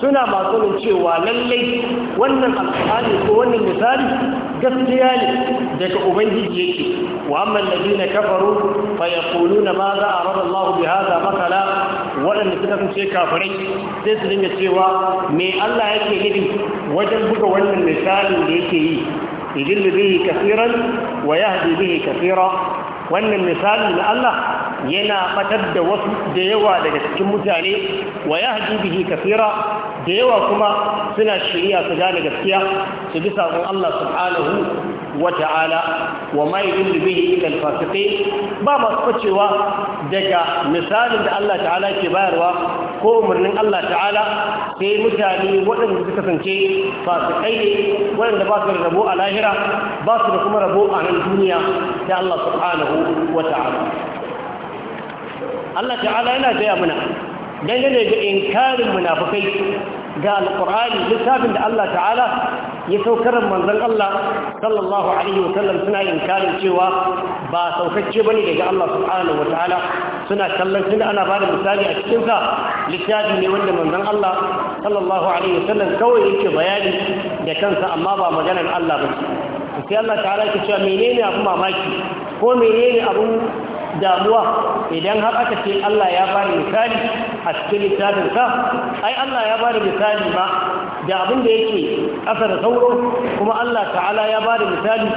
suna masu cewa lallai wannan alqur'ani ko wannan misali gaskiya ne daga ubangiji yake wa amma alladina kafaru fa yaquluna ma za arada Allah bi hadha matala wadanda suka kace kafirai sai su dinga cewa me Allah yake nufi wajen buga wannan misalin da yake yi yudillu bihi kaseeran wa yahdi bihi kaseera wannan misali na Allah yana fatar da wasu da yawa daga cikin mutane wa ya haji bihi kafira da yawa kuma suna shirya su gane gaskiya su bi sabon Allah subhanahu wa ta'ala wa ma da bihi illa al ba ma kwacewa daga misalin da Allah ta'ala ke bayarwa ko umarnin Allah ta'ala sai mutane waɗanda suka kasance fasikai ne waɗanda ba su da rabo a lahira ba su da kuma rabo a nan duniya ta Allah subhanahu wa ta'ala Allah ta'ala yana gaya mana dangane ga inkarin munafukai ga al-ƙur'ani littafin da Allah ta'ala ya saukar manzon Allah sallallahu alaihi wa sallam suna inkarin cewa ba saukacce bane daga Allah subhanahu wa ta'ala suna kallon tunda ana bada misali a cikin sa littafi ne wanda manzon Allah sallallahu alaihi wa sallam kawai yake bayani da kansa amma ba maganar Allah ba sai Allah ta'ala yake cewa menene abun mamaki ko menene abun damuwa idan har aka ce Allah ya bada misali a cikin littafinsa ai Allah ya bada misali ba da abin da yake ƙasa da sauro kuma Allah ta'ala ya bada misali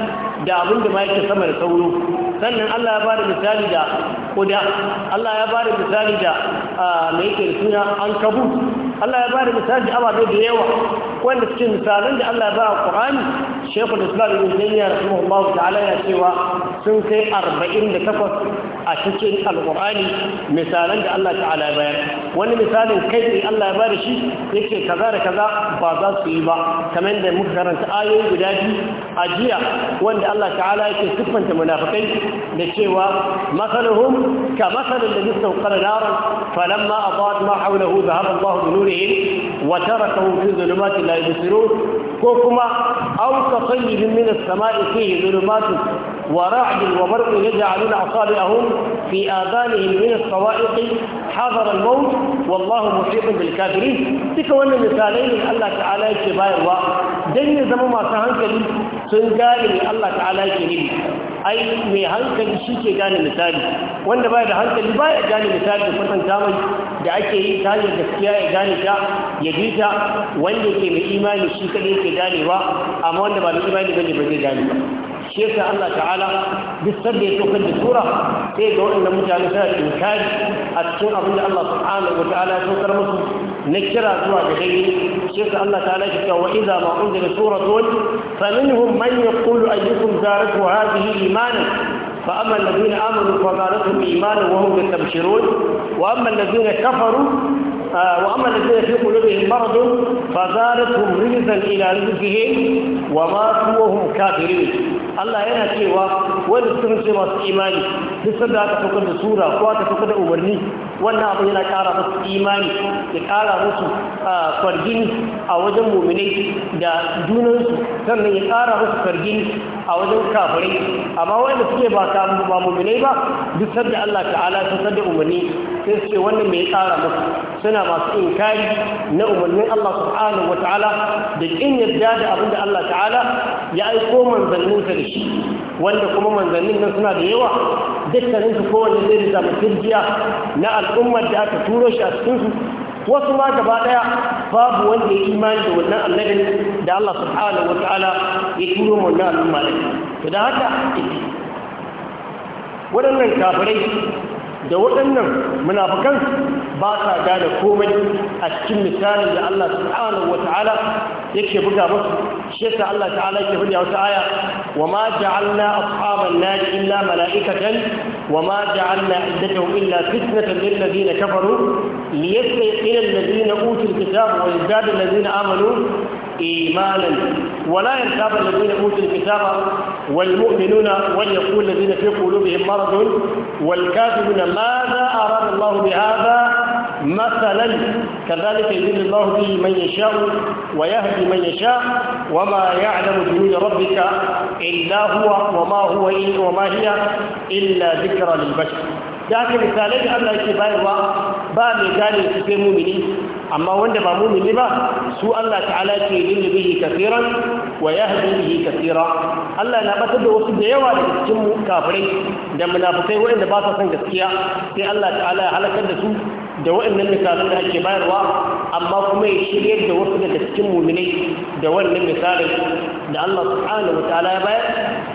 da abin da ma yake sama da sauro sannan Allah ya bada misali da kuda Allah ya bada misali da mai yake suna an kabu Allah ya bada misali da ababe da yawa wanda cikin misalan da Allah ya ba a Qur'ani Sheikhul Islam Ibn Taymiyyah rahimahullahu ta'ala ya cewa sun kai 48 a cikin alƙur'ani misalan da Allah ta'ala ya bayar wani misalin kai tsaye Allah ya bada shi yake kaza da kaza ba za su yi ba kamar da muka karanta ayoyi guda biyu a jiya wanda Allah ta'ala yake siffanta munafikai da cewa masaluhum ka masalin da nisau qarnaran falamma adat ma hawlahu dhahaba Allah bi nurihim wa tarakahu fi dhulumati la yubsirun ko kuma aw ka tayyibin min as-sama'i fihi dhulumatun ورعد وبرق يجعلون أصابعهم في آذانهم من الصوائق حذر الموت والله محيط بالكافرين تكون مثالين الله تعالى كبير و دين زمو ما سهنكلي سنقالي الله تعالى كبير أي مي هنكلي شيكي مثالي wanda baya da hankali baya gane misali da kwatanta mai da ake yi ta hanyar gaskiya ya gane ta ya bi wanda ke mai imani shi kadai ke ganewa amma wanda ba imani bane ba zai شيخ الله تعالى بالسبب يتوخذ كيف تيدو إن مجالسة إنكاج أتسون أبن الله سبحانه وتعالى سوكر مصر نكرا سورة بغير شيخ الله تعالى شكا وإذا ما قلت لسورة فمنهم من يقول أيكم زارك هذه إيمانا فأما الذين آمنوا فقالتهم إيمانا وهم يتبشرون وأما الذين كفروا وأما الذين في قلوبهم مرض فزارتهم رجزا إلى رجزهم وماتوا وهم كافرين Allah yana cewa wanda sun ce masu imani duk sanda aka saukar da sura ko aka saukar da umarni wannan abu yana kara masu imani ya kara musu fargini a wajen muminai da junansu sannan ya kara musu fargini a wajen kafirai amma wanda suke ba ba muminai ba duk sanda Allah ta'ala sun sanda da umarni sai su ce wannan mai kara musu suna masu inkari na umarnin Allah subhanahu wa ta'ala da kin yarda da abin da Allah ta'ala ya aiko manzannin da shi wanda kuma manzannin nan suna da yawa dukkanin su kowanne zai da mutunjiya na al'ummar da aka turo shi a cikin su wasu ma gaba daya babu wanda ya imani da wannan annabin da Allah subhanahu wa ta'ala ya turo wannan al'umma da haka waɗannan kafirai da waɗannan munafukan ba ta gane komai a cikin misalin da Allah subhanahu wata'ala yake buga musu shi yasa Allah ta'ala yake buga wata aya wa ma ja'alna ashaban nar illa mala'ikatan wa ma ja'alna iddatahum illa fitnatan lil ladina kafaru liyastayqina alladhina utul kitaba wa yazdadu alladhina amanu إيمانا ولا يرتاب الذين أوتوا الكتاب والمؤمنون وليقول الذين في قلوبهم مرض والكافرون ماذا أراد الله بهذا مثلا كذلك يذل الله به من يشاء ويهدي من يشاء وما يعلم جنود ربك إلا هو وما هو إلا وما هي إلا ذكرى للبشر لكن مثالين أن هو باب مجال في المؤمنين amma wanda ba mumini ba su Allah ta'ala ke lullubihi kafiran wa yahdihi kafira Allah na batar da wasu da yawa daga cikin kafirai da munafikai waɗanda ba sa son gaskiya sai Allah ta'ala ya halakar da su da waɗannan misalan da ake bayarwa amma kuma ya shirya da wasu daga cikin muminai da wannan misalin da Allah subhanahu wa ta'ala ya bayar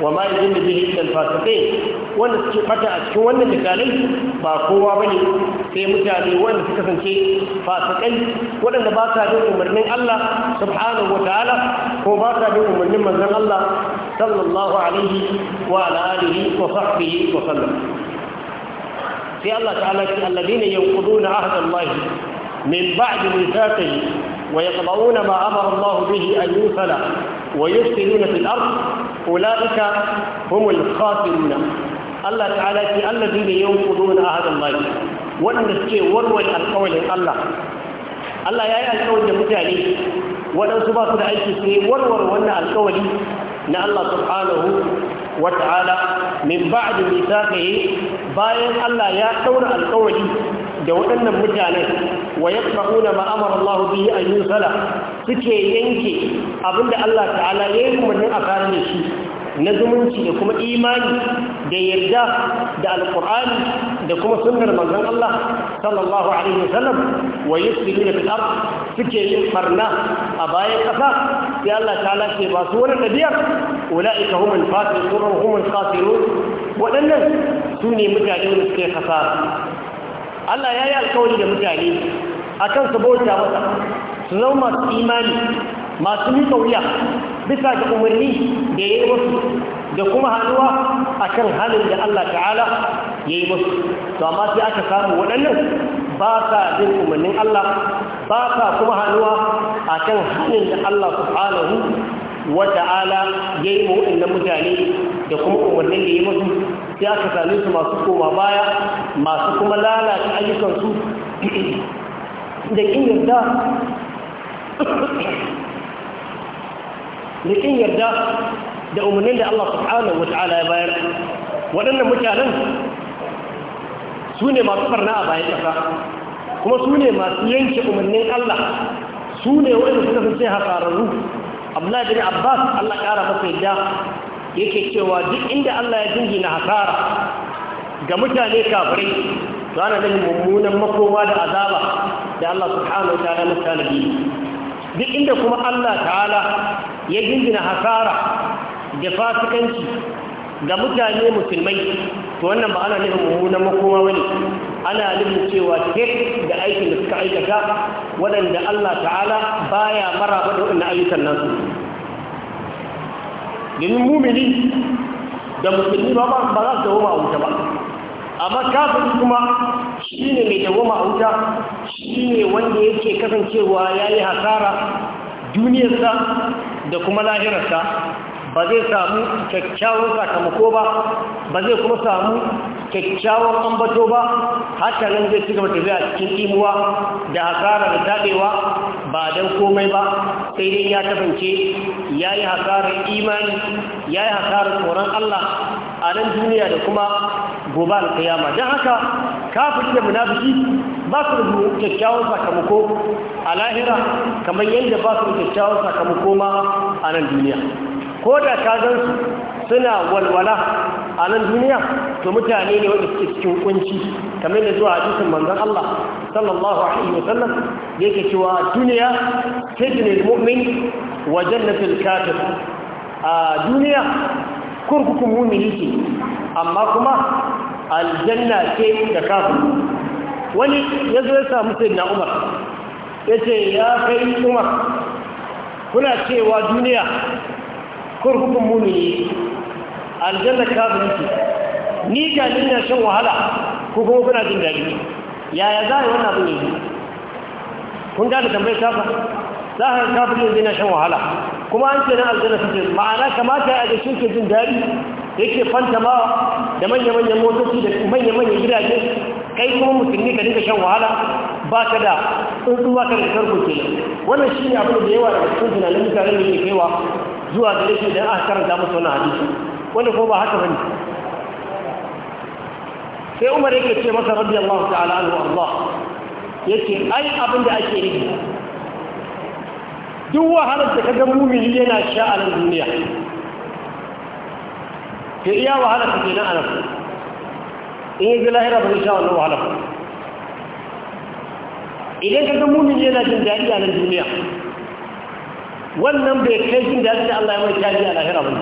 wa ma yuzillu bihi al-fasiqin wanda suke fata a cikin wannan misalin ba kowa bane sai mutane wanda suka kasance fasikai waɗanda ba sa bin umarnin Allah subhanahu wa ta'ala ko ba sa bin umarnin manzon Allah sallallahu alaihi wa ala alihi wa sahbihi wa sallam sai Allah ta'ala ce alladhina yanquduna ahda Allah min ba'd mithaqihi ويقضون ما أمر الله به أن يوصل ويفسدون في الأرض أولئك هم الخاسرون الله تعالى الذين ينقضون عهد الله waɗanda suke warware alƙawarin Allah Allah ya yi alƙawari da mutane waɗansu ba su da aiki sai warware wannan alƙawari na Allah subhanahu wa ta'ala min ba'd kaye bayan Allah ya daura alƙawari da waɗannan mutanen wa yaqrauna ma amara Allah bihi suke yanke abinda Allah ta'ala ya yi umarnin a kare shi na zumunci da kuma imani da yarda da alkur'ani da kuma sunnar manzon Allah sallallahu alaihi wasallam wa yusbiruna fil ard suke yin farna a bayan kasa sai Allah ta'ala ce ba su wannan nabiyar ulaika humul fasiqun humul khasirun waɗannan su ne mutane da suke kasara Allah ya yi alkawari da mutane akan su bauta masa su zama masu imani masu miƙa wuya bisa ga umarni da ya yi musu da kuma haɗuwa a kan halin da Allah ta'ala ya yi musu to amma sai aka samu waɗannan ba sa jin umarnin Allah ba sa kuma haɗuwa a kan halin da Allah subhanahu wa ta'ala ya yi na mutane da kuma umarnin da ya yi musu sai aka same su masu koma baya masu kuma lalata ayyukansu da ƙin da kin yarda da umarnin da Allah subhanahu wata'ala ya bayar waɗannan mutanen su ne masu farna a bayan ƙasa kuma su ne masu yanke umarnin Allah su ne wanda suka fi sai hasararru Abdullahi bin Abbas Allah ƙara masa yadda yake cewa duk inda Allah ya na hasara ga mutane kafirai to ana da mummunan makoma da azaba da Allah subhanahu wataala ya mutalabi duk inda kuma Allah ta'ala ya gingina hasara da fasikanci ga mutane musulmai to wannan ba ana nufin mummunan makoma wani ana nufin cewa tek da aikin da suka aikata waɗanda Allah ta'ala baya ba da waɗannan ayyukan nasu domin mumini da musulmi ba ba za su dawo a ba amma kafin kuma shine mai dawoma a wuta ne wanda yake kasancewa yayi hasara duniyarsa da kuma lahirarsa ba zai samu kyakkyawan sakamako ba ba zai kuma samu kyakkyawan ambato ba haka nan zai cigaba da a cikin imuwa da hasarar da ba don komai ba sai dai ya kafance ya yi hasarar imani ya yi hasarar tsoron Allah a nan duniya da kuma gobe alkayama don haka kafin da munafiki ba su da kyakkyawan sakamako a lahira kamar yadda ba su da kyakkyawan sakamako ma a nan duniya ko da ka su suna walwala a nan duniya to mutane ne wanda suke cikin kunci kamar da zuwa hadisin manzon Allah sallallahu alaihi wa sallam yake cewa duniya sijnul mu'min wa jannatul kafir a duniya kurkukun mumini ce amma kuma aljanna ce da kafin wani ya zo ya samu sai na umar ya ce ya kai umar kuna cewa duniya kurkukun mumini aljanna ka ce ni ga na shan wahala ko kuma kuna jin daɗi yaya za a yi wannan abin yi kun gane tambayi kafa za a kafin yanzu na shan wahala kuma an ce na aljanna suke ma'ana kamata ya ga shi ke jin daɗi yake fantama da manya-manyan motoci da manya-manyan gidaje kai kuma musulmi ka dinka shan wahala ba ka da tsuntsuwa kan da karko ke wannan shi ne abin da yawa daga cikin tunanin mutane da ke kaiwa zuwa da shi don aka karanta musu wannan hadisi wanda ko ba haka bane sai umar yake ce masa radiyallahu ta'ala anhu Allah yake ai abin da ake yi. duk wahalar da kaga mumini yana sha duniya to iya wahalar ta kenan anan in yi lahira ba zai sha wannan wahalar idan ka ga mumin yana jin daɗi a nan duniya wannan bai kai jin daɗi da Allah ya mai daɗi a lahira ba ne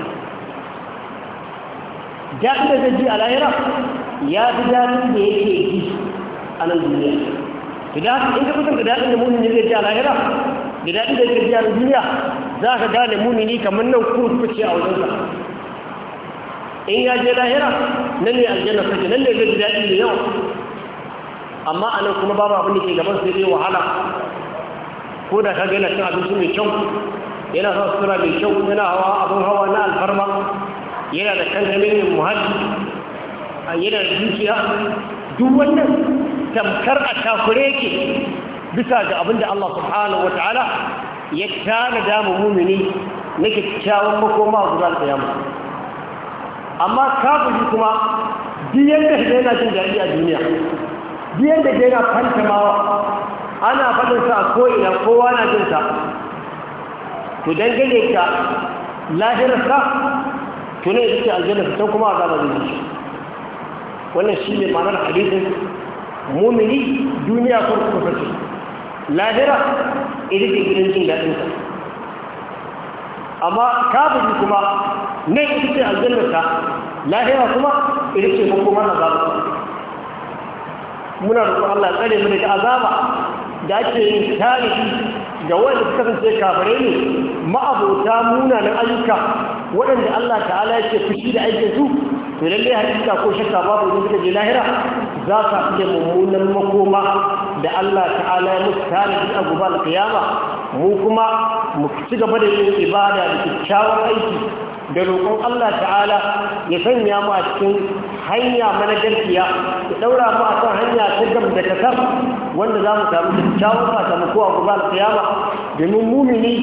daɗi da zai ji a lahira ya fi daɗi da yake yi a nan duniya to da haka in ka kusan ka daɗin da mumin zai ji a lahira da daɗi da yake ji a nan duniya za ka gane mumini kamar nan kurkuce a wajensa in ya je lahira nan ne aljanna take nan ne zai ji daɗi da yawa amma a nan kuma babu abin da ke gaban sai dai wahala ko da kaga yana cin abinci mai kyau yana sa sura mai kyau yana hawa abin hawa na alfarma yana da kankanin muhalli yana da dukiya duk wannan tamkar a takure yake bisa ga abin da Allah subhanahu wa ta'ala ya tana dama mumini na kyakkyawan makoma guda da yamma amma kafiri kuma biyan da shi yana jin daɗi a duniya biyan da yana fanta mawa ana faɗin sa ko'ina kowa na jin sa to dangane ka lahirarsa to ne yake aljanna ta kuma azaba zai shi wannan shi ne ma'anar hadisin mumini duniya kuma kuma fashe lahira idan ce gidan jin daɗinsa amma kafiri kuma ne ita ce lahira kuma ita ce hukumar azaba muna roƙon Allah tsare mu daga azaba da ake yin tarihi ga wanda suka kasance kafare ne ma'abota munanan ayyuka waɗanda Allah ta'ala yake fushi da aikin su to lalle hakika ko shakka babu idan suka je lahira za ka fi da mummunan makoma da Allah ta'ala ya musu tarihi a gubal kiyama mu kuma mu ci gaba da yin ibada da kyakkyawan aiki da roƙon Allah ta'ala ya sanya mu a cikin hanya manajarciya ya ɗaura mu a kan hanya ta gam da kasar wanda za mu samu kyakkyawan sakamako a gobe alƙiyama domin mumini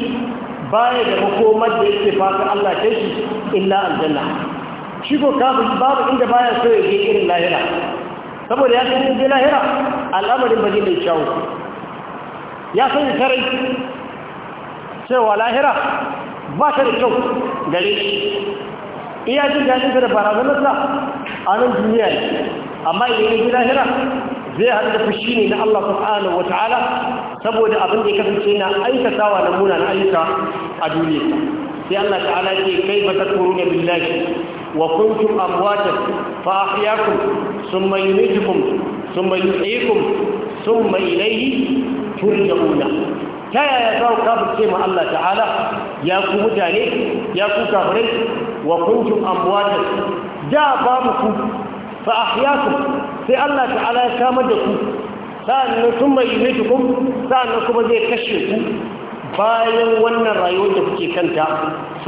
baya da makomar da yake fata Allah ta shi illa aljanna shi ko kafin babu inda baya so ya je irin lahira saboda ya san je lahira al'amarin ba zai mai kyawu ya san sarai cewa lahira ba ta da kyau gare shi iya jin daɗin da barazanarsa a nan duniya ne amma idan ya ji lahira zai haɗu da fushi ne na Allah subhanahu wa ta'ala saboda abin da ya kasance na aikatawa na na ayyuka a duniya sai Allah ta'ala ce kai ba ta kuru ne billahi wa kuntum amwatan fa ahyakum thumma yumitukum thumma yuhyikum thumma ilayhi turja'una ta yaya za ku ce ma Allah ta'ala ya ku mutane ya ku kafirai wa kuntum amwatan da ba mu ku fa ahyakum sai Allah ta'ala ya samar da ku sa'annan sun mai yimitukum sa'annan kuma zai kashe ku bayan wannan rayuwar da kuke kanta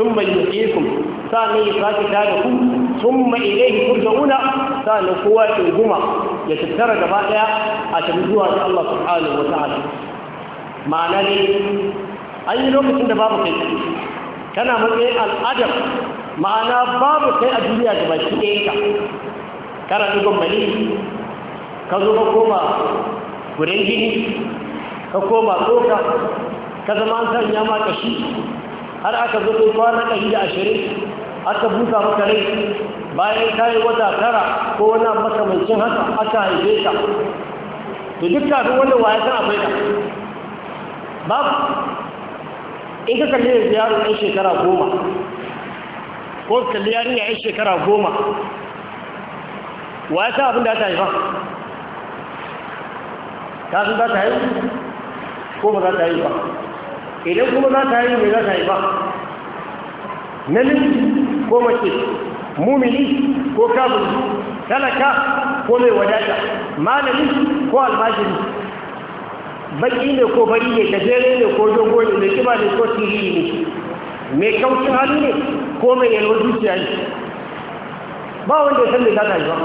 sun mai yimitukum sa'annan ya sake da ku sun mai ilaihi turja'una sa'annan kowa ke ya tattara gaba daya a tabi zuwa ga Allah subhanahu wa ta'ala ma'ana ne an yi lokacin da babu kai kana matsayin al'adam ma'ana babu kai a duniya da baki ɗaya ka kara ɗigon mali ka zo ka koma wurin gini ka koma tsoka ka zama an sanya ma ƙashi har aka zo ko kwana ɗari da ashirin aka buka maka rai bayan yi wata tara ko wani makamancin haka aka haife ka to duk kafin wanda ya san akwai ka babu in ka kalli yanzu yaro ɗan shekara goma ko kalli yarinya ɗan shekara goma wa ya sa abin da ta haifa ta sun za ta haihu ko ba za ta haihu ba idan kuma za ta haihu mai za ta haifa namiji ko mace mumini ko kafin talaka ko mai wadata malami ko almajiri baki ne ko bari ne gajere ne ko dogo ne mai kima ne ko tiri ne mai kaucin hannu ne ko mai yalwar zuciya ne ba wanda ya san mai zata yi ba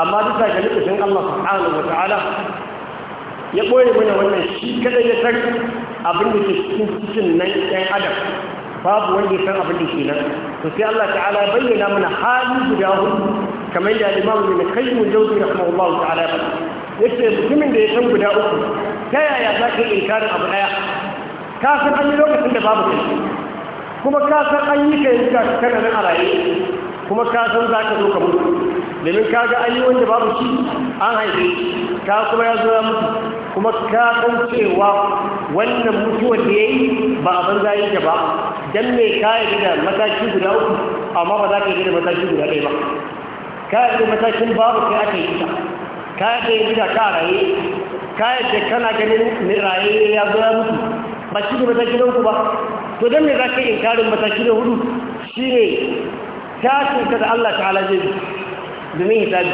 amma duk da galibin Allah subhanahu wa ta'ala ya ɓoye mana wannan shi kada ya san abin da ke cikin cikin nan ɗan adam babu wanda ya san abin da ke nan to sai Allah ta'ala ya bayyana mana hali guda hudu kamar da imamu ne kai mu jauzi allah ta'ala ya faɗi yake mutumin da ya san guda uku ta yaya za ka yi inkarin abu ɗaya ka san an yi lokacin da babu kai kuma ka san an yi kai ka kana nan a raye kuma ka san za ka zo ka mutu domin ka ga an yi wanda babu shi an haife ka kuma ya zo ya mutu kuma ka san cewa wannan mutuwar da ya ba a banza ka ba dan me ka yi da mataki guda uku amma ba za ka yi da mataki guda ɗaya ba ka yi da matakin babu kai aka yi ta ka yadda ya ka raye ka kana ganin raye ya zo mutu ba shi ne mataki na uku ba to don me za ka yi inkarin mataki na hudu shi ne tashinka da Allah ta'ala zai bi domin hisabi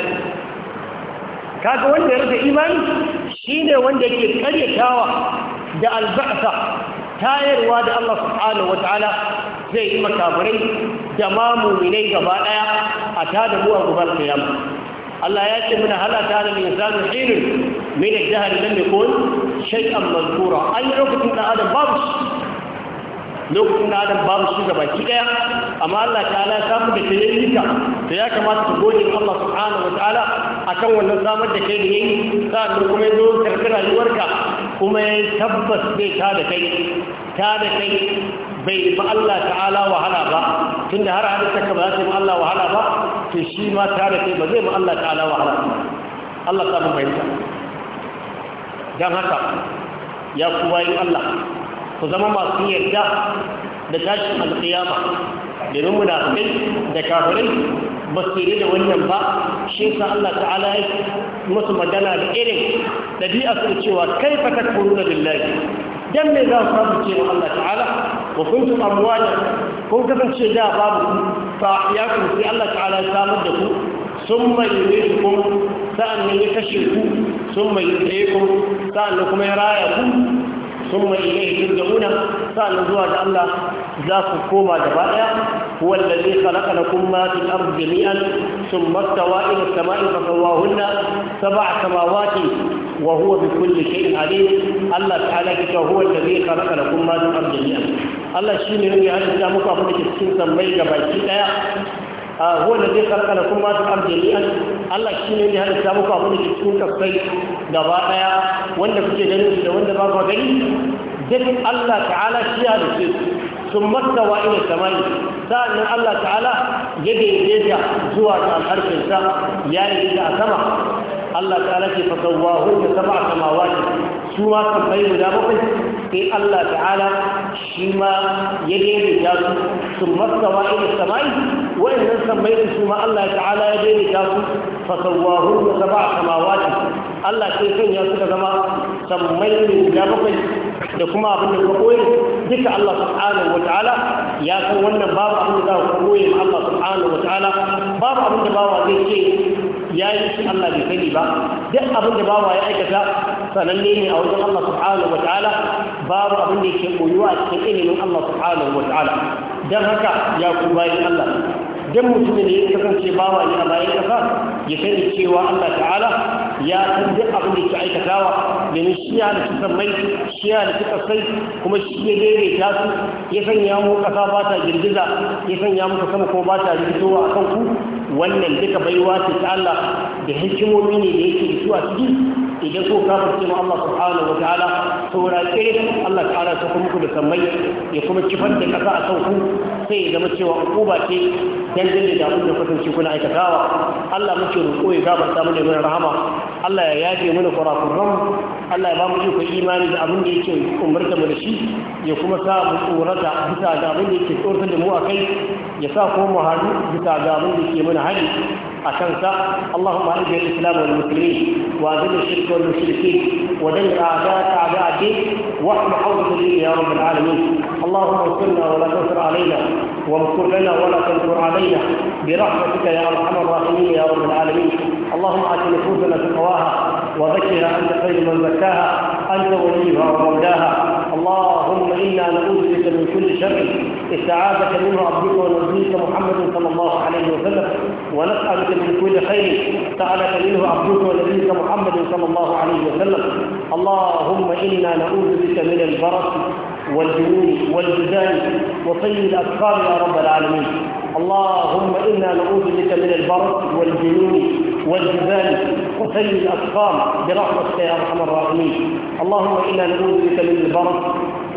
kaga wanda ya rasa imani shi ne wanda yake karyatawa da albasa tayarwa da Allah subhanahu wa ta'ala zai yi makabarai da mamuminai gaba daya a tada mu a gubar kiyama Allah ya ce muna halata da mai zalu jihar nan al-dahr sha'i yakun shay'an An yi lokacin da adam babu lokacin da adam babu shi ga ki daya amma Allah Ta ya samu da kai ta, to ya kamata ku gode Allah ta'ala a akan wannan samar da kai da yayi sannan kuma ya zo karbi rayuwarka kuma ya tabbas zai ta da kai ta da kai bai ba Allah ta'ala wahala ba tunda har halitta ka ba za ta yi Allah wahala ba to shi ma tare kai ba zai ma Allah ta'ala wahala Allah ta mun bayyana dan haka ya kuwa Allah ku zama masu yarda da tashin alƙiyama domin munafikai da kafirai ba su yi da wannan ba shi sa Allah ta'ala ya musu magana da irin ɗabi'a su cewa kai fatakuru na billahi dan me za su samu cewa Allah ta'ala وكنتم أمواجا كنت فانتشجاء بابا فأحياكم في الله تعالى سامدكم ثم يريدكم سأن يكشفكم ثم يريدكم سأن لكم إرائكم ثم إليه ترجعون قال زواج الله ذاك كوما جبائع هو الذي خلق لكم ما في الأرض جميعا ثم استوى إلى السماء فسواهن سبع سماوات وهو بكل شيء عليم الله تعالى هو الذي خلق لكم ما في الأرض جميعا الله شيء من يعلم مكافأة السنة ميجا بايتي هو الذي خلق لكم ما في الارض جميعا الله شيء ne ya halitta muku abin da ke cikin kafai gaba daya wanda kuke gani da wanda ba ku gani duk Allah ta'ala shi ya halitta sun mastawa ila samai sa'annan Allah ta'ala ya daidaita zuwa ga sa, ya yi da sama Allah ta'ala ke fasawahu da sab'a samawati su ma kan bai guda bakwai sai Allah ta'ala shi ya daidaita sun wayannan sammai da su ma Allah ta'ala ya daidaita su fa sawahu da sab'a samawati Allah sai ya suka zama sammai ne guda bakwai da kuma abin da ka koyi duka Allah subhanahu wa ta'ala ya san wannan babu abin da za ka koyi ma Allah subhanahu wa ta'ala babu abin da bawa zai ce ya yi shi Allah bai sani ba duk abin da bawa ya aikata sananne ne a wajen Allah subhanahu wa ta'ala babu abin da yake koyuwa a cikin ilimin Allah subhanahu wa ta'ala dan haka ya ku bayin Allah duk mutumin da ya kasance bawa ne a bayan kasa ya sani cewa Allah ta'ala ya san duk abin da ke aikatawa domin shi ya halitta sammai shi ya halitta kasai kuma shi ya daidaita su ya sanya mu kasa ba ta girgiza ya sanya muku sama ko ba ta rikitowa a kan ku wannan duka baiwa ce ta Allah da hikimomi ne da yake zuwa su a ciki idan ko ka fice mu Allah subhanahu wa ta'ala saura kire Allah ta'ala ta kuma da sammai ya kuma kifar da kasa a sauku sai ya zama cewa hukuma ce dangane da abin da kasance kuna aikatawa Allah muke roƙo ya gafarta mu da mana rahama Allah ya yafe mana kurakuran Allah ya ba mu iko imani da abin da yake umarta mu da shi ya kuma sa mu tsorata bisa ga abin da yake tsoratar da mu akai ya sa ko mu haru bisa ga abin da yake mana علي أكنسا اللهم أعز الإسلام والمسلمين وأذل الشرك والمشركين ودمر أعداء أعداء الدين واحم حوض الدين يا رب العالمين اللهم انصرنا ولا تنصر علينا وانصر لنا ولا تنصر علينا برحمتك يا أرحم الراحمين يا رب العالمين اللهم آت نفوسنا تقواها وزكها أنت خير من زكاها أنت وليها ومولاها اللهم إنا نعوذ بك من كل شر استعاذك منه عبدك ونبيك محمد صلى الله عليه وسلم ونسألك من كل خير سألك منه عبدك ونبيك محمد صلى الله عليه وسلم اللهم إنا نعوذ بك من البرص والجنون والجزان وطي الأسفار يا رب العالمين اللهم إنا نعوذ بك من البرص والجنون والجبال وسيل الأسقام برحمتك يا أرحم الراحمين اللهم إنا نعوذ بك من البرد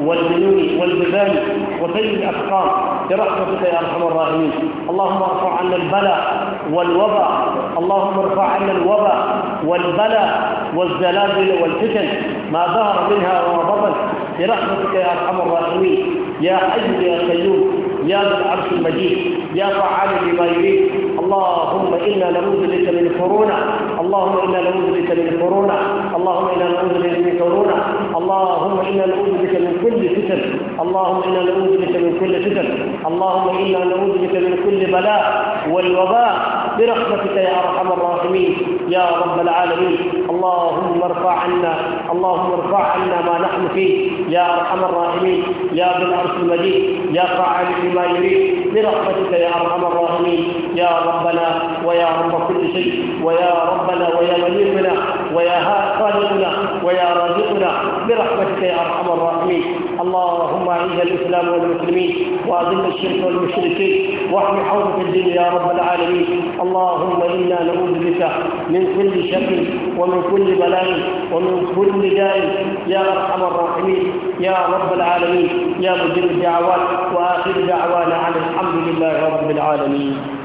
والجنون والجبال وسيل الأسقام برحمتك يا أرحم الراحمين اللهم ارفع عنا البلاء والوباء اللهم ارفع عنا الوباء والبلاء والزلازل والفتن ما ظهر منها وما بطن برحمتك يا أرحم الراحمين يا حي يا قيوم يا ذا العرش المجيد يا فعال لما يريد اللهم إنا نعوذ بك من كورونا اللهم إنا نعوذ بك من كورونا اللهم إنا نعوذ بك من كورونا اللهم إنا نعوذ بك من كل فتن اللهم إنا نعوذ بك من كل فتن اللهم إنا نعوذ بك من كل بلاء والوباء برحمتك يا أرحم الراحمين يا رب العالمين اللهم ارفع عنا اللهم ارفع عنا ما نحن فيه يا ارحم الراحمين يا ذا العرش المجيد يا فاعل لما يريد برحمتك يا ارحم الراحمين يا ربنا ويا رب كل شيء ويا ربنا ويا مليكنا ويا خالقنا ويا رازقنا برحمتك يا ارحم الراحمين اللهم اعز الاسلام والمسلمين واذل الشرك والمشركين واحمي حوزه الدين يا رب العالمين اللهم انا نعوذ بك من كل شر ومن كل كل بلاء ومن كل داء يا أرحم الراحمين يا رب العالمين يا مجيب الدعوات وآخر دعوانا عن الحمد لله رب العالمين